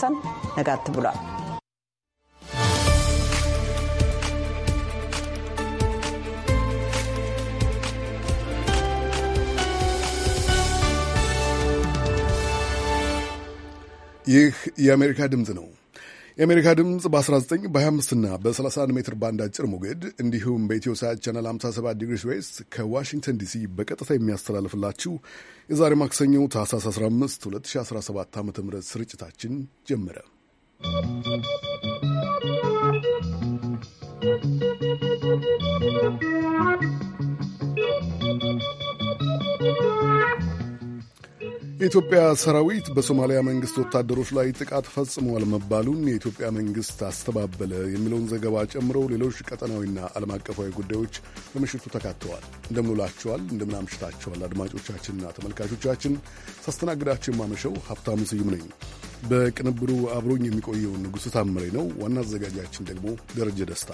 ሰን ነጋት ብሏል። ይህ የአሜሪካ ድምፅ ነው። የአሜሪካ ድምፅ በ19 በ25ና በ31 ሜትር ባንድ አጭር ሞገድ እንዲሁም በኢትዮ ሳት ቻናል 57 ዲግሪስ ዌስት ከዋሽንግተን ዲሲ በቀጥታ የሚያስተላልፍላችሁ የዛሬ ማክሰኞ ታህሳስ 15 2017 ዓ ም ስርጭታችን ጀመረ። የኢትዮጵያ ሰራዊት በሶማሊያ መንግስት ወታደሮች ላይ ጥቃት ፈጽመዋል መባሉን የኢትዮጵያ መንግስት አስተባበለ የሚለውን ዘገባ ጨምሮ ሌሎች ቀጠናዊና ዓለም አቀፋዊ ጉዳዮች በምሽቱ ተካተዋል። እንደምንውላችኋል፣ እንደምናምሽታችኋል አድማጮቻችንና ተመልካቾቻችን ሳስተናግዳችሁ የማመሸው ሀብታሙ ስዩም ነኝ። በቅንብሩ አብሮኝ የሚቆየውን ንጉሥ ታምሬ ነው። ዋና አዘጋጃችን ደግሞ ደረጀ ደስታ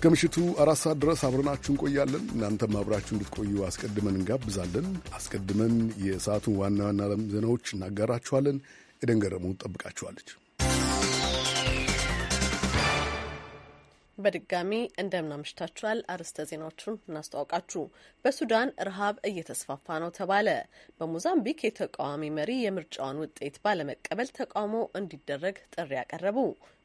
እስከ ምሽቱ አራት ሰዓት ድረስ አብረናችሁ እንቆያለን። እናንተም አብራችሁ እንድትቆዩ አስቀድመን እንጋብዛለን። አስቀድመን የሰዓቱን ዋና ዋና ዓለም ዜናዎች እናጋራችኋለን። ኤደን ገረሙ ጠብቃችኋለች። በድጋሚ እንደምናምሽታችኋል። አርዕስተ ዜናዎቹን እናስተዋውቃችሁ። በሱዳን ረሃብ እየተስፋፋ ነው ተባለ። በሞዛምቢክ የተቃዋሚ መሪ የምርጫውን ውጤት ባለመቀበል ተቃውሞ እንዲደረግ ጥሪ ያቀረቡ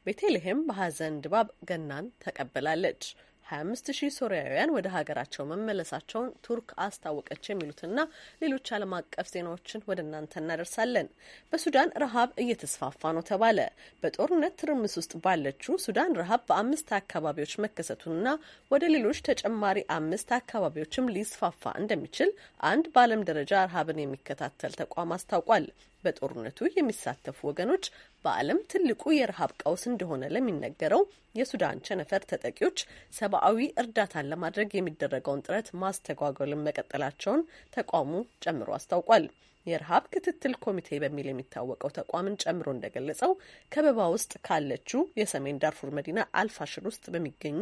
ቤተልሔም በሐዘን ድባብ ገናን ተቀብላለች። 25 ሺህ ሶሪያውያን ወደ ሀገራቸው መመለሳቸውን ቱርክ አስታወቀች። የሚሉትና ሌሎች ዓለም አቀፍ ዜናዎችን ወደ እናንተ እናደርሳለን። በሱዳን ረሃብ እየተስፋፋ ነው ተባለ። በጦርነት ትርምስ ውስጥ ባለችው ሱዳን ረሃብ በአምስት አካባቢዎች መከሰቱንና ወደ ሌሎች ተጨማሪ አምስት አካባቢዎችም ሊስፋፋ እንደሚችል አንድ በዓለም ደረጃ ረሃብን የሚከታተል ተቋም አስታውቋል። በጦርነቱ የሚሳተፉ ወገኖች በዓለም ትልቁ የረሃብ ቀውስ እንደሆነ ለሚነገረው የሱዳን ቸነፈር ተጠቂዎች ሰብአዊ እርዳታን ለማድረግ የሚደረገውን ጥረት ማስተጓጎልን መቀጠላቸውን ተቋሙ ጨምሮ አስታውቋል። የረሃብ ክትትል ኮሚቴ በሚል የሚታወቀው ተቋምን ጨምሮ እንደገለጸው ከበባ ውስጥ ካለችው የሰሜን ዳርፉር መዲና አልፋሽር ውስጥ በሚገኙ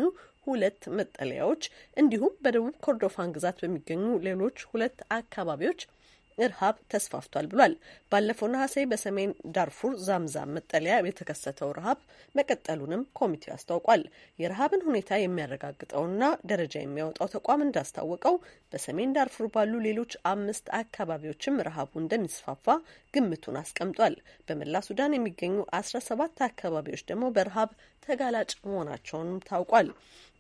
ሁለት መጠለያዎች እንዲሁም በደቡብ ኮርዶፋን ግዛት በሚገኙ ሌሎች ሁለት አካባቢዎች እርሃብ ተስፋፍቷል ብሏል። ባለፈው ነሐሴ በሰሜን ዳርፉር ዛምዛም መጠለያ የተከሰተው ረሃብ መቀጠሉንም ኮሚቴው አስታውቋል። የረሃብን ሁኔታ የሚያረጋግጠውና ደረጃ የሚያወጣው ተቋም እንዳስታወቀው በሰሜን ዳርፉር ባሉ ሌሎች አምስት አካባቢዎችም ረሃቡ እንደሚስፋፋ ግምቱን አስቀምጧል። በመላ ሱዳን የሚገኙ አስራ ሰባት አካባቢዎች ደግሞ በረሃብ ተጋላጭ መሆናቸውንም ታውቋል።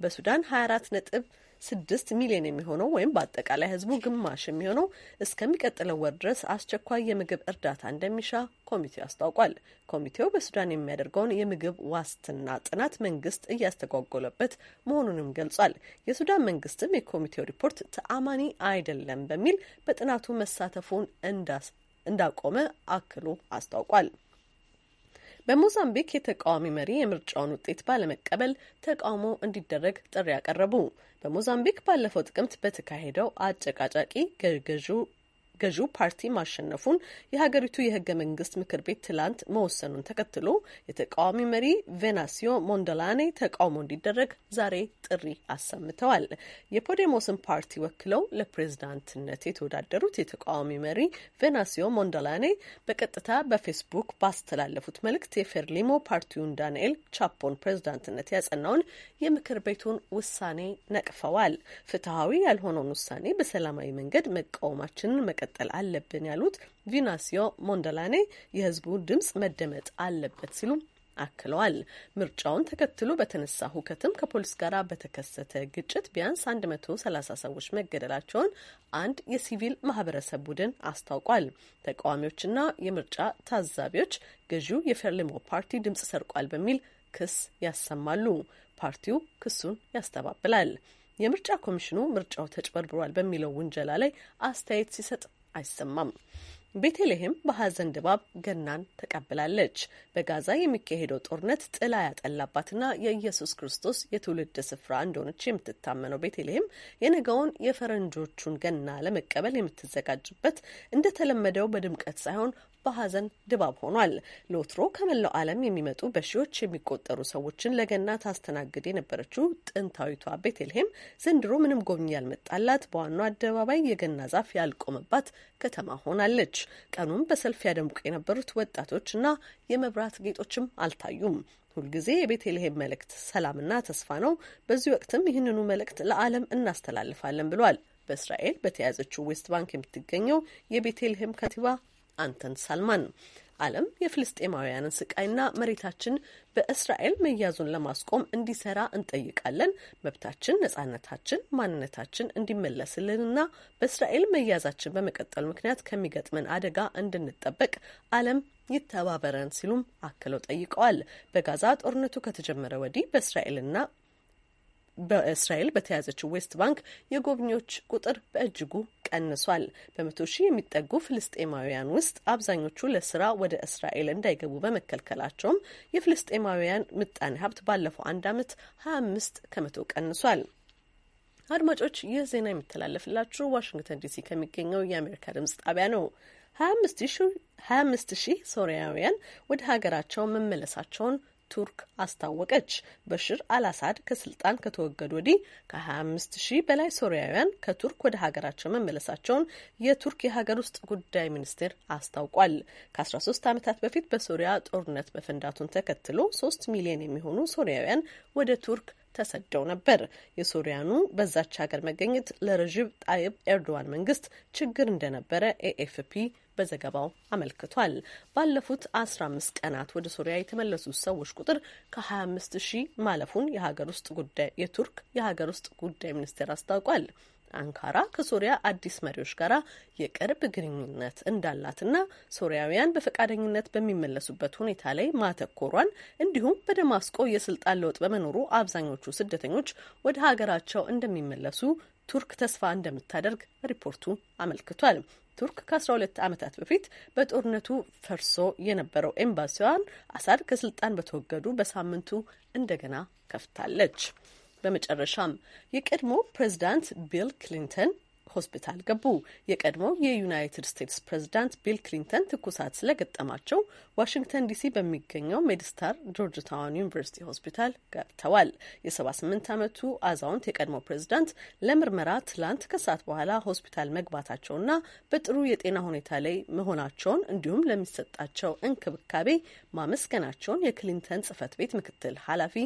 በሱዳን 24 ነጥብ ስድስት ሚሊዮን የሚሆነው ወይም በአጠቃላይ ህዝቡ ግማሽ የሚሆነው እስከሚቀጥለው ወር ድረስ አስቸኳይ የምግብ እርዳታ እንደሚሻ ኮሚቴው አስታውቋል። ኮሚቴው በሱዳን የሚያደርገውን የምግብ ዋስትና ጥናት መንግስት እያስተጓጎለበት መሆኑንም ገልጿል። የሱዳን መንግስትም የኮሚቴው ሪፖርት ተአማኒ አይደለም በሚል በጥናቱ መሳተፉን እንዳቆመ አክሎ አስታውቋል። በሞዛምቢክ የተቃዋሚ መሪ የምርጫውን ውጤት ባለመቀበል ተቃውሞ እንዲደረግ ጥሪ ያቀረቡ በሞዛምቢክ ባለፈው ጥቅምት በተካሄደው አጨቃጫቂ ገዥው ገዢው ፓርቲ ማሸነፉን የሀገሪቱ የህገ መንግስት ምክር ቤት ትላንት መወሰኑን ተከትሎ የተቃዋሚ መሪ ቬናሲዮ ሞንደላኔ ተቃውሞ እንዲደረግ ዛሬ ጥሪ አሰምተዋል። የፖዴሞስን ፓርቲ ወክለው ለፕሬዝዳንትነት የተወዳደሩት የተቃዋሚ መሪ ቬናሲዮ ሞንደላኔ በቀጥታ በፌስቡክ ባስተላለፉት መልእክት የፌርሊሞ ፓርቲውን ዳንኤል ቻፖን ፕሬዝዳንትነት ያጸናውን የምክር ቤቱን ውሳኔ ነቅፈዋል። ፍትሐዊ ያልሆነውን ውሳኔ በሰላማዊ መንገድ መቃወማችንን መቀ ማስቀጠል አለብን ያሉት ቪናሲዮ ሞንደላኔ የህዝቡ ድምጽ መደመጥ አለበት ሲሉ አክለዋል። ምርጫውን ተከትሎ በተነሳ ሁከትም ከፖሊስ ጋር በተከሰተ ግጭት ቢያንስ 130 ሰዎች መገደላቸውን አንድ የሲቪል ማህበረሰብ ቡድን አስታውቋል። ተቃዋሚዎችና የምርጫ ታዛቢዎች ገዢው የፌርሊሞ ፓርቲ ድምጽ ሰርቋል በሚል ክስ ያሰማሉ። ፓርቲው ክሱን ያስተባብላል። የምርጫ ኮሚሽኑ ምርጫው ተጭበርብሯል በሚለው ውንጀላ ላይ አስተያየት ሲሰጥ አይሰማም። ቤተልሔም በሐዘን ድባብ ገናን ተቀብላለች። በጋዛ የሚካሄደው ጦርነት ጥላ ያጠላባትና የኢየሱስ ክርስቶስ የትውልድ ስፍራ እንደሆነች የምትታመነው ቤተልሔም የነገውን የፈረንጆቹን ገና ለመቀበል የምትዘጋጅበት እንደተለመደው በድምቀት ሳይሆን በሀዘን ድባብ ሆኗል። ለወትሮ ከመላው ዓለም የሚመጡ በሺዎች የሚቆጠሩ ሰዎችን ለገና ታስተናግድ የነበረችው ጥንታዊቷ ቤተልሔም ዘንድሮ ምንም ጎብኝ ያልመጣላት በዋናው አደባባይ የገና ዛፍ ያልቆመባት ከተማ ሆናለች። ቀኑን በሰልፍ ያደምቁ የነበሩት ወጣቶች እና የመብራት ጌጦችም አልታዩም። ሁልጊዜ የቤተልሔም መልእክት ሰላምና ተስፋ ነው። በዚህ ወቅትም ይህንኑ መልእክት ለዓለም እናስተላልፋለን ብሏል። በእስራኤል በተያዘችው ዌስት ባንክ የምትገኘው የቤተልሔም ከንቲባ አንተን ሳልማን ዓለም የፍልስጤማውያንን ስቃይና መሬታችን በእስራኤል መያዙን ለማስቆም እንዲሰራ እንጠይቃለን። መብታችን፣ ነጻነታችን፣ ማንነታችን እንዲመለስልንና በእስራኤል መያዛችን በመቀጠሉ ምክንያት ከሚገጥመን አደጋ እንድንጠበቅ ዓለም ይተባበረን ሲሉም አክለው ጠይቀዋል። በጋዛ ጦርነቱ ከተጀመረ ወዲህ በእስራኤልና በእስራኤል በተያዘችው ዌስት ባንክ የጎብኚዎች ቁጥር በእጅጉ ቀንሷል። በመቶ ሺህ የሚጠጉ ፍልስጤማውያን ውስጥ አብዛኞቹ ለስራ ወደ እስራኤል እንዳይገቡ በመከልከላቸውም የፍልስጤማውያን ምጣኔ ሀብት ባለፈው አንድ ዓመት 25 ከመቶ ቀንሷል። አድማጮች ይህ ዜና የሚተላለፍላችሁ ዋሽንግተን ዲሲ ከሚገኘው የአሜሪካ ድምጽ ጣቢያ ነው። ሀያ አምስት ሺህ ሶሪያውያን ወደ ሀገራቸው መመለሳቸውን ቱርክ አስታወቀች። በሽር አልአሳድ ከስልጣን ከተወገዱ ወዲህ ከ25 ሺህ በላይ ሶሪያውያን ከቱርክ ወደ ሀገራቸው መመለሳቸውን የቱርክ የሀገር ውስጥ ጉዳይ ሚኒስቴር አስታውቋል። ከ13 ዓመታት በፊት በሶሪያ ጦርነት መፈንዳቱን ተከትሎ 3 ሚሊዮን የሚሆኑ ሶሪያውያን ወደ ቱርክ ተሰደው ነበር። የሶሪያኑ በዛች ሀገር መገኘት ለረዥብ ጣይብ ኤርዶዋን መንግስት ችግር እንደነበረ ኤኤፍፒ በዘገባው አመልክቷል። ባለፉት 15 ቀናት ወደ ሶሪያ የተመለሱት ሰዎች ቁጥር ከ25 ሺህ ማለፉን የሀገር ውስጥ ጉዳይ የቱርክ የሀገር ውስጥ ጉዳይ ሚኒስቴር አስታውቋል። አንካራ ከሶሪያ አዲስ መሪዎች ጋር የቅርብ ግንኙነት እንዳላትና ሶሪያውያን በፈቃደኝነት በሚመለሱበት ሁኔታ ላይ ማተኮሯን እንዲሁም በደማስቆ የስልጣን ለውጥ በመኖሩ አብዛኞቹ ስደተኞች ወደ ሀገራቸው እንደሚመለሱ ቱርክ ተስፋ እንደምታደርግ ሪፖርቱ አመልክቷል። ቱርክ ከ12 ዓመታት በፊት በጦርነቱ ፈርሶ የነበረው ኤምባሲዋን አሳድ ከስልጣን በተወገዱ በሳምንቱ እንደገና ከፍታለች። በመጨረሻም የቀድሞ ፕሬዚዳንት ቢል ክሊንተን ሆስፒታል ገቡ። የቀድሞው የዩናይትድ ስቴትስ ፕሬዚዳንት ቢል ክሊንተን ትኩሳት ስለገጠማቸው ዋሽንግተን ዲሲ በሚገኘው ሜድስታር ጆርጅ ታውን ዩኒቨርሲቲ ሆስፒታል ገብተዋል። የ78 ዓመቱ አዛውንት የቀድሞ ፕሬዚዳንት ለምርመራ ትላንት ከሰዓት በኋላ ሆስፒታል መግባታቸውና በጥሩ የጤና ሁኔታ ላይ መሆናቸውን እንዲሁም ለሚሰጣቸው እንክብካቤ ማመስገናቸውን የክሊንተን ጽህፈት ቤት ምክትል ኃላፊ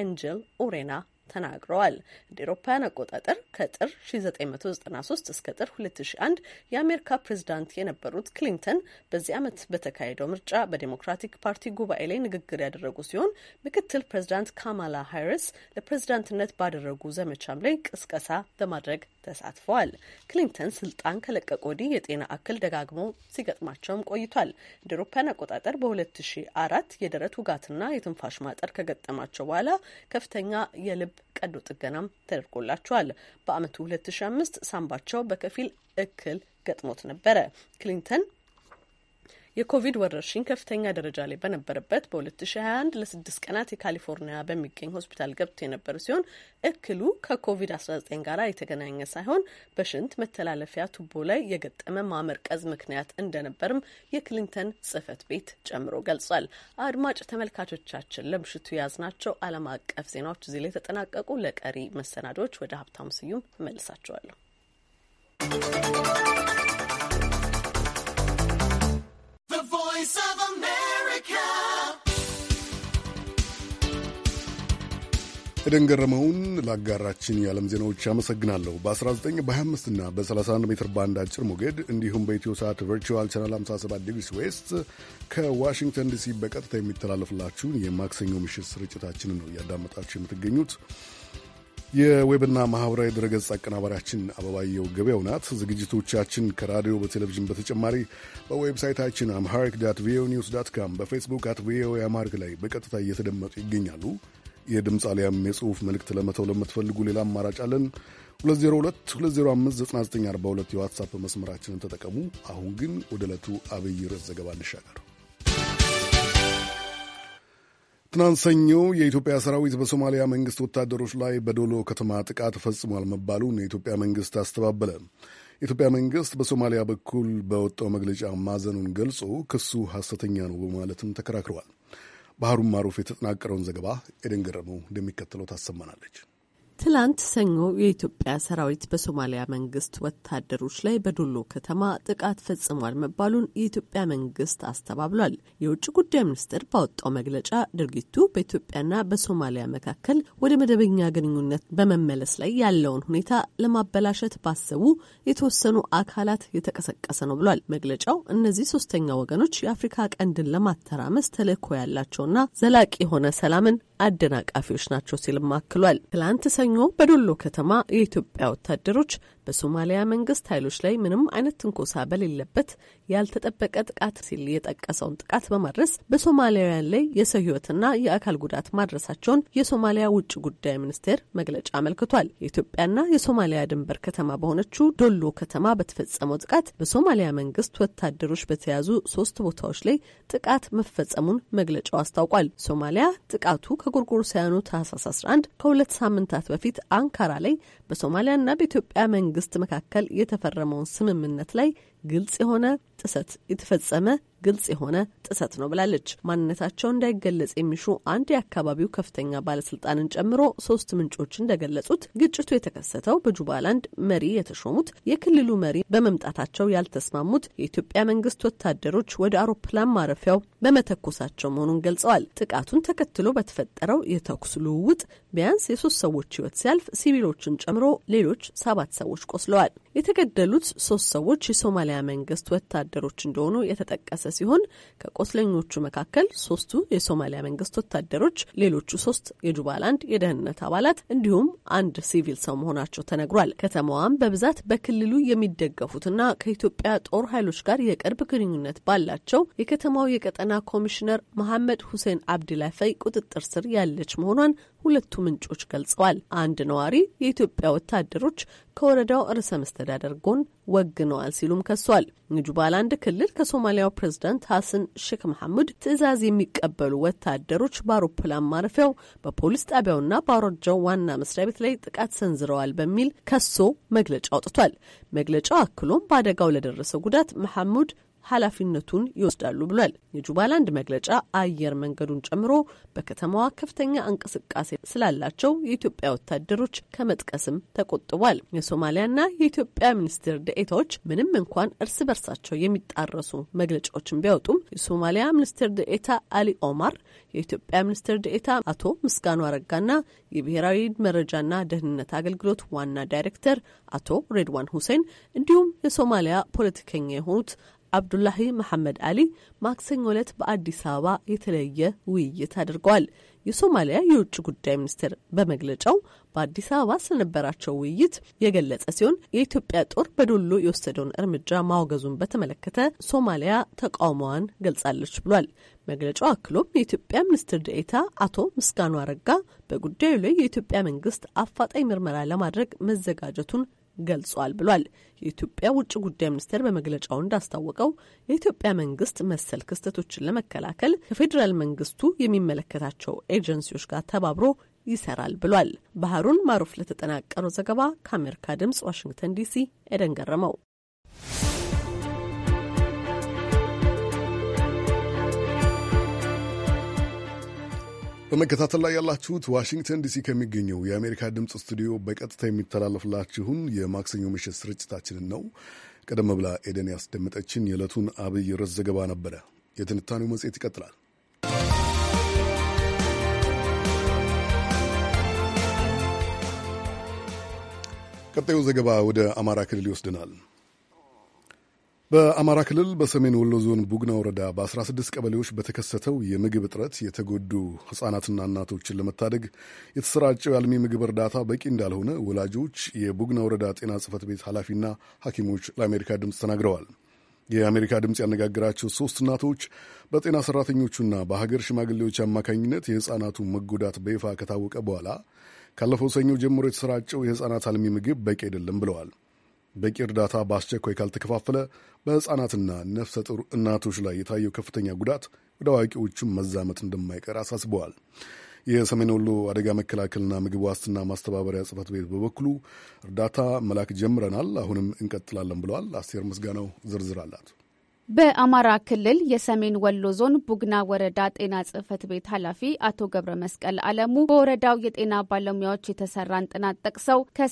ኤንጀል ኦሬና ተናግረዋል። እንደ ኤሮፓውያን አቆጣጠር ከጥር 1993 እስከ ጥር 2001 የአሜሪካ ፕሬዝዳንት የነበሩት ክሊንተን በዚህ ዓመት በተካሄደው ምርጫ በዴሞክራቲክ ፓርቲ ጉባኤ ላይ ንግግር ያደረጉ ሲሆን ምክትል ፕሬዝዳንት ካማላ ሃሪስ ለፕሬዝዳንትነት ባደረጉ ዘመቻም ላይ ቅስቀሳ በማድረግ ተሳትፈዋል። ክሊንተን ስልጣን ከለቀቁ ወዲህ የጤና እክል ደጋግሞ ሲገጥማቸውም ቆይቷል። እንደ ኤሮፓውያን አቆጣጠር በ2004 የደረት ውጋትና የትንፋሽ ማጠር ከገጠማቸው በኋላ ከፍተኛ የልብ ቀዶ ጥገናም ተደርጎላቸዋል። በአመቱ 2005 ሳምባቸው በከፊል እክል ገጥሞት ነበረ። ክሊንተን የኮቪድ ወረርሽኝ ከፍተኛ ደረጃ ላይ በነበረበት በ2021 ለስድስት ቀናት የካሊፎርኒያ በሚገኝ ሆስፒታል ገብቶ የነበረ ሲሆን እክሉ ከኮቪድ-19 ጋር የተገናኘ ሳይሆን በሽንት መተላለፊያ ቱቦ ላይ የገጠመ ማመርቀዝ ምክንያት እንደነበርም የክሊንተን ጽህፈት ቤት ጨምሮ ገልጿል። አድማጭ ተመልካቾቻችን ለምሽቱ የያዝናቸው ዓለም አቀፍ ዜናዎች እዚህ ላይ ተጠናቀቁ። ለቀሪ መሰናዶዎች ወደ ሀብታሙ ስዩም እመልሳቸዋለሁ። ኤደን ገረመውን ለአጋራችን የዓለም ዜናዎች አመሰግናለሁ። በ19 በ25 እና በ31 ሜትር ባንድ አጭር ሞገድ እንዲሁም በኢትዮ ሰዓት ቨርቹዋል ቻናል 57 ዲግሪስ ዌስት ከዋሽንግተን ዲሲ በቀጥታ የሚተላለፍላችሁን የማክሰኞ ምሽት ስርጭታችን ነው እያዳመጣችሁ የምትገኙት። የዌብና ማህበራዊ ድረገጽ አቀናባሪያችን አበባየው ገበያው ናት። ዝግጅቶቻችን ከራዲዮ በቴሌቪዥን በተጨማሪ በዌብሳይታችን አምሃሪክ ዳት ቪኦኤ ኒውስ ዳት ካም በፌስቡክ አት ቪኦኤ አማሪክ ላይ በቀጥታ እየተደመጡ ይገኛሉ። የድምፅ አሊያም የጽሁፍ መልእክት ለመተው ለምትፈልጉ ሌላ አማራጭ አለን። 2022059942 የዋትሳፕ መስመራችንን ተጠቀሙ። አሁን ግን ወደ ዕለቱ አብይ ርዕስ ዘገባ እንሻገር። ትናንት ሰኞ የኢትዮጵያ ሰራዊት በሶማሊያ መንግስት ወታደሮች ላይ በዶሎ ከተማ ጥቃት ፈጽሟል መባሉን የኢትዮጵያ መንግስት አስተባበለ። የኢትዮጵያ መንግስት በሶማሊያ በኩል በወጣው መግለጫ ማዘኑን ገልጾ ክሱ ሐሰተኛ ነው በማለትም ተከራክረዋል። ባህሩን ማሩፍ የተጠናቀረውን ዘገባ ኤደን ገረመው እንደሚከተለው ታሰማናለች። ትላንት ሰኞ የኢትዮጵያ ሰራዊት በሶማሊያ መንግስት ወታደሮች ላይ በዶሎ ከተማ ጥቃት ፈጽሟል መባሉን የኢትዮጵያ መንግስት አስተባብሏል። የውጭ ጉዳይ ሚኒስቴር ባወጣው መግለጫ ድርጊቱ በኢትዮጵያና በሶማሊያ መካከል ወደ መደበኛ ግንኙነት በመመለስ ላይ ያለውን ሁኔታ ለማበላሸት ባሰቡ የተወሰኑ አካላት የተቀሰቀሰ ነው ብሏል። መግለጫው እነዚህ ሶስተኛ ወገኖች የአፍሪካ ቀንድን ለማተራመስ ተልእኮ ያላቸውና ዘላቂ የሆነ ሰላምን አደናቃፊዎች ናቸው ሲልም አክሏል። ትላንት ሰኞ በዶሎ ከተማ የኢትዮጵያ ወታደሮች በሶማሊያ መንግስት ኃይሎች ላይ ምንም አይነት ትንኮሳ በሌለበት ያልተጠበቀ ጥቃት ሲል የጠቀሰውን ጥቃት በማድረስ በሶማሊያውያን ላይ የሰው ሕይወትና የአካል ጉዳት ማድረሳቸውን የሶማሊያ ውጭ ጉዳይ ሚኒስቴር መግለጫ አመልክቷል። የኢትዮጵያና የሶማሊያ ድንበር ከተማ በሆነችው ዶሎ ከተማ በተፈጸመው ጥቃት በሶማሊያ መንግስት ወታደሮች በተያዙ ሶስት ቦታዎች ላይ ጥቃት መፈጸሙን መግለጫው አስታውቋል። ሶማሊያ ጥቃቱ ከጎርጎሮሳውያኑ ታህሳስ 11 ከሁለት ሳምንታት በፊት አንካራ ላይ በሶማሊያና በኢትዮጵያ መንግስት መንግስት መካከል የተፈረመውን ስምምነት ላይ ግልጽ የሆነ ጥሰት የተፈጸመ ግልጽ የሆነ ጥሰት ነው ብላለች። ማንነታቸው እንዳይገለጽ የሚሹ አንድ የአካባቢው ከፍተኛ ባለስልጣንን ጨምሮ ሶስት ምንጮች እንደገለጹት ግጭቱ የተከሰተው በጁባላንድ መሪ የተሾሙት የክልሉ መሪ በመምጣታቸው ያልተስማሙት የኢትዮጵያ መንግስት ወታደሮች ወደ አውሮፕላን ማረፊያው በመተኮሳቸው መሆኑን ገልጸዋል። ጥቃቱን ተከትሎ በተፈጠረው የተኩስ ልውውጥ ቢያንስ የሶስት ሰዎች ህይወት ሲያልፍ ሲቪሎችን ጨምሮ ሌሎች ሰባት ሰዎች ቆስለዋል። የተገደሉት ሶስት ሰዎች የሶማሊያ መንግስት ወታደሮች እንደሆኑ የተጠቀሰ ሲሆን ከቆስለኞቹ መካከል ሶስቱ የሶማሊያ መንግስት ወታደሮች፣ ሌሎቹ ሶስት የጁባላንድ የደህንነት አባላት እንዲሁም አንድ ሲቪል ሰው መሆናቸው ተነግሯል። ከተማዋም በብዛት በክልሉ የሚደገፉትና ከኢትዮጵያ ጦር ኃይሎች ጋር የቅርብ ግንኙነት ባላቸው የከተማው የቀጠና ኮሚሽነር መሐመድ ሁሴን አብድላፈይ ቁጥጥር ስር ያለች መሆኗን ሁለቱ ምንጮች ገልጸዋል። አንድ ነዋሪ የኢትዮጵያ ወታደሮች ከወረዳው ርዕሰ መስተዳድር አስተዳደር ጎን ወግነዋል ሲሉም ከሷል። ንጁባላንድ ክልል ከሶማሊያው ፕሬዝዳንት ሀሰን ሼክ መሐሙድ ትዕዛዝ የሚቀበሉ ወታደሮች በአውሮፕላን ማረፊያው በፖሊስ ጣቢያውና በአውራጃው ዋና መስሪያ ቤት ላይ ጥቃት ሰንዝረዋል በሚል ከሶ መግለጫ አውጥቷል። መግለጫው አክሎም በአደጋው ለደረሰው ጉዳት መሐሙድ ኃላፊነቱን ይወስዳሉ ብሏል። የጁባላንድ መግለጫ አየር መንገዱን ጨምሮ በከተማዋ ከፍተኛ እንቅስቃሴ ስላላቸው የኢትዮጵያ ወታደሮች ከመጥቀስም ተቆጥቧል። የሶማሊያና የኢትዮጵያ ሚኒስትር ደኤታዎች ምንም እንኳን እርስ በርሳቸው የሚጣረሱ መግለጫዎችን ቢያወጡም የሶማሊያ ሚኒስትር ደኤታ አሊ ኦማር፣ የኢትዮጵያ ሚኒስትር ደኤታ አቶ ምስጋኑ አረጋና የብሔራዊ መረጃና ደህንነት አገልግሎት ዋና ዳይሬክተር አቶ ሬድዋን ሁሴን እንዲሁም የሶማሊያ ፖለቲከኛ የሆኑት አብዱላሂ መሐመድ አሊ ማክሰኞ ዕለት በአዲስ አበባ የተለየ ውይይት አድርገዋል። የሶማሊያ የውጭ ጉዳይ ሚኒስቴር በመግለጫው በአዲስ አበባ ስለነበራቸው ውይይት የገለጸ ሲሆን የኢትዮጵያ ጦር በዶሎ የወሰደውን እርምጃ ማውገዙን በተመለከተ ሶማሊያ ተቃውሞዋን ገልጻለች ብሏል። መግለጫው አክሎም የኢትዮጵያ ሚኒስትር ደኤታ አቶ ምስጋኑ አረጋ በጉዳዩ ላይ የኢትዮጵያ መንግስት አፋጣኝ ምርመራ ለማድረግ መዘጋጀቱን ገልጿል ብሏል። የኢትዮጵያ ውጭ ጉዳይ ሚኒስቴር በመግለጫው እንዳስታወቀው የኢትዮጵያ መንግስት መሰል ክስተቶችን ለመከላከል ከፌዴራል መንግስቱ የሚመለከታቸው ኤጀንሲዎች ጋር ተባብሮ ይሰራል ብሏል። ባህሩን ማሩፍ ለተጠናቀረው ዘገባ ከአሜሪካ ድምጽ ዋሽንግተን ዲሲ ኤደን ገረመው። በመከታተል ላይ ያላችሁት ዋሽንግተን ዲሲ ከሚገኘው የአሜሪካ ድምፅ ስቱዲዮ በቀጥታ የሚተላለፍላችሁን የማክሰኞ ምሽት ስርጭታችንን ነው። ቀደም ብላ ኤደን ያስደመጠችን የዕለቱን አብይ ርዕስ ዘገባ ነበረ። የትንታኔው መጽሔት ይቀጥላል። ቀጣዩ ዘገባ ወደ አማራ ክልል ይወስድናል። በአማራ ክልል በሰሜን ወሎ ዞን ቡግና ወረዳ በ16 ቀበሌዎች በተከሰተው የምግብ እጥረት የተጎዱ ሕጻናትና እናቶችን ለመታደግ የተሰራጨው የአልሚ ምግብ እርዳታ በቂ እንዳልሆነ ወላጆች የቡግና ወረዳ ጤና ጽሕፈት ቤት ኃላፊና ሐኪሞች ለአሜሪካ ድምፅ ተናግረዋል። የአሜሪካ ድምፅ ያነጋገራቸው ሶስት እናቶች በጤና ሠራተኞቹና በሀገር ሽማግሌዎች አማካኝነት የሕፃናቱ መጎዳት በይፋ ከታወቀ በኋላ ካለፈው ሰኞ ጀምሮ የተሰራጨው የሕፃናት አልሚ ምግብ በቂ አይደለም ብለዋል። በቂ እርዳታ በአስቸኳይ ካልተከፋፈለ በሕፃናትና ነፍሰ ጡር እናቶች ላይ የታየው ከፍተኛ ጉዳት ወደ አዋቂዎቹም መዛመት እንደማይቀር አሳስበዋል። የሰሜን ወሎ አደጋ መከላከልና ምግብ ዋስትና ማስተባበሪያ ጽህፈት ቤት በበኩሉ እርዳታ መላክ ጀምረናል፣ አሁንም እንቀጥላለን ብለዋል። አስቴር ምስጋናው ዝርዝር አላት። በአማራ ክልል የሰሜን ወሎ ዞን ቡግና ወረዳ ጤና ጽሕፈት ቤት ኃላፊ አቶ ገብረ መስቀል አለሙ በወረዳው የጤና ባለሙያዎች የተሰራን ጥናት ጠቅሰው ከ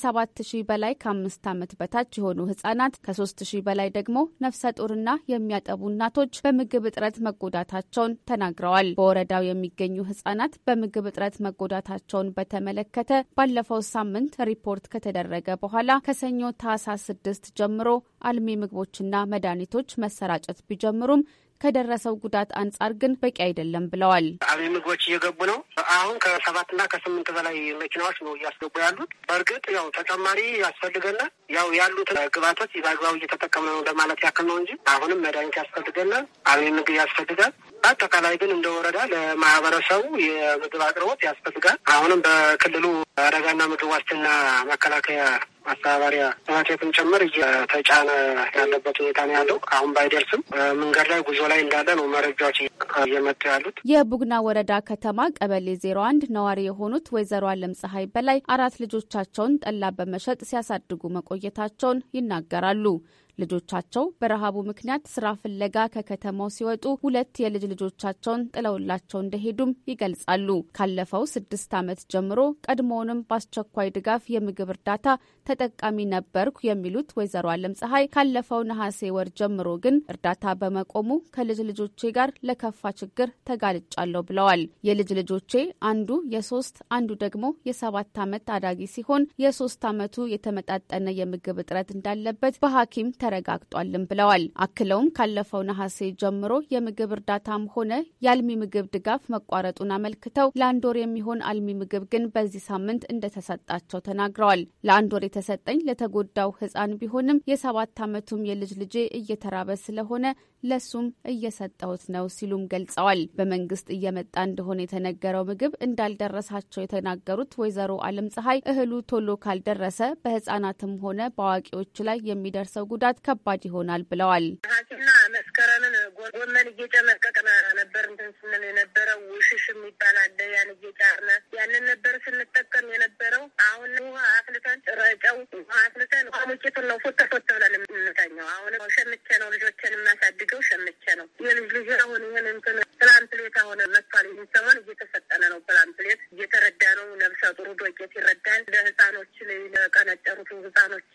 ሺህ በላይ ከአምስት ዓመት በታች የሆኑ ህጻናት ከ ሺህ በላይ ደግሞ ነፍሰ ጡርና የሚያጠቡ እናቶች በምግብ እጥረት መጎዳታቸውን ተናግረዋል። በወረዳው የሚገኙ ህጻናት በምግብ እጥረት መጎዳታቸውን በተመለከተ ባለፈው ሳምንት ሪፖርት ከተደረገ በኋላ ከሰኞ ታህሳስ 6 ጀምሮ አልሚ ምግቦችና መድኃኒቶች መሰራጨት ቢጀምሩም ከደረሰው ጉዳት አንጻር ግን በቂ አይደለም ብለዋል። አልሚ ምግቦች እየገቡ ነው። አሁን ከሰባትና ከስምንት በላይ መኪናዎች ነው እያስገቡ ያሉት። በእርግጥ ያው ተጨማሪ ያስፈልገናል። ያው ያሉት ግብዓቶች በአግባቡ እየተጠቀምን ነው ለማለት ያክል ነው እንጂ አሁንም መድኃኒት ያስፈልገናል፣ አልሚ ምግብ ያስፈልጋል። አጠቃላይ ግን እንደ ወረዳ ለማህበረሰቡ የምግብ አቅርቦት ያስፈልጋል። አሁንም በክልሉ አደጋና ምግብ ዋስትና መከላከያ ማስተባበሪያ ማቴክን ጭምር እየተጫነ ያለበት ሁኔታ ነው ያለው። አሁን ባይደርስም መንገድ ላይ ጉዞ ላይ እንዳለ ነው መረጃዎች እየመጡ ያሉት። የቡግና ወረዳ ከተማ ቀበሌ ዜሮ አንድ ነዋሪ የሆኑት ወይዘሮ አለም ፀሐይ በላይ አራት ልጆቻቸውን ጠላ በመሸጥ ሲያሳድጉ መቆየታቸውን ይናገራሉ። ልጆቻቸው በረሃቡ ምክንያት ስራ ፍለጋ ከከተማው ሲወጡ ሁለት የልጅ ልጆቻቸውን ጥለውላቸው እንደሄዱም ይገልጻሉ። ካለፈው ስድስት ዓመት ጀምሮ ቀድሞውንም በአስቸኳይ ድጋፍ የምግብ እርዳታ ተጠቃሚ ነበርኩ የሚሉት ወይዘሮ አለም ፀሐይ ካለፈው ነሐሴ ወር ጀምሮ ግን እርዳታ በመቆሙ ከልጅ ልጆቼ ጋር ለከፋ ችግር ተጋልጫለሁ ብለዋል። የልጅ ልጆቼ አንዱ የሶስት አንዱ ደግሞ የሰባት ዓመት ታዳጊ ሲሆን የሶስት ዓመቱ የተመጣጠነ የምግብ እጥረት እንዳለበት በሐኪም ተረጋግጧልም ብለዋል። አክለውም ካለፈው ነሐሴ ጀምሮ የምግብ እርዳታም ሆነ የአልሚ ምግብ ድጋፍ መቋረጡን አመልክተው ለአንድ ወር የሚሆን አልሚ ምግብ ግን በዚህ ሳምንት እንደተሰጣቸው ተናግረዋል። ለአንድ ወር የተሰጠኝ ለተጎዳው ህፃን ቢሆንም የሰባት ዓመቱም የልጅ ልጄ እየተራበ ስለሆነ ለሱም እየሰጠሁት ነው ሲሉም ገልጸዋል። በመንግስት እየመጣ እንደሆነ የተነገረው ምግብ እንዳልደረሳቸው የተናገሩት ወይዘሮ አለም ፀሐይ እህሉ ቶሎ ካልደረሰ በህጻናትም ሆነ በአዋቂዎች ላይ የሚደርሰው ጉዳት ከባድ ይሆናል ብለዋል። ነሐሴና መስከረምን ጎመን እየጨመቀቅን ነበር እንትን ስንል የነበረው ውሽሽ የሚባል አለ። ያን እየጫርነ ያንን ነበር ስንጠቀም የነበረው። አሁን ውሃ አፍልተን ጭረጨ የምንጠጣው አፍልተን ነው ብለን የምንተኛው። አሁን ሸምቼ ነው ልጆችን የማሳድገው ሸምቼ ነው። ልጅ አሁን ይህን እንትን ፕላንትሌት አሁን እየተሰጠነ ነው ፕላንትሌት እየተረዳ ነው። ነብሰ ጡር ዶቄት ይረዳል። ለህፃኖች ለቀነጨሩት ህፃኖች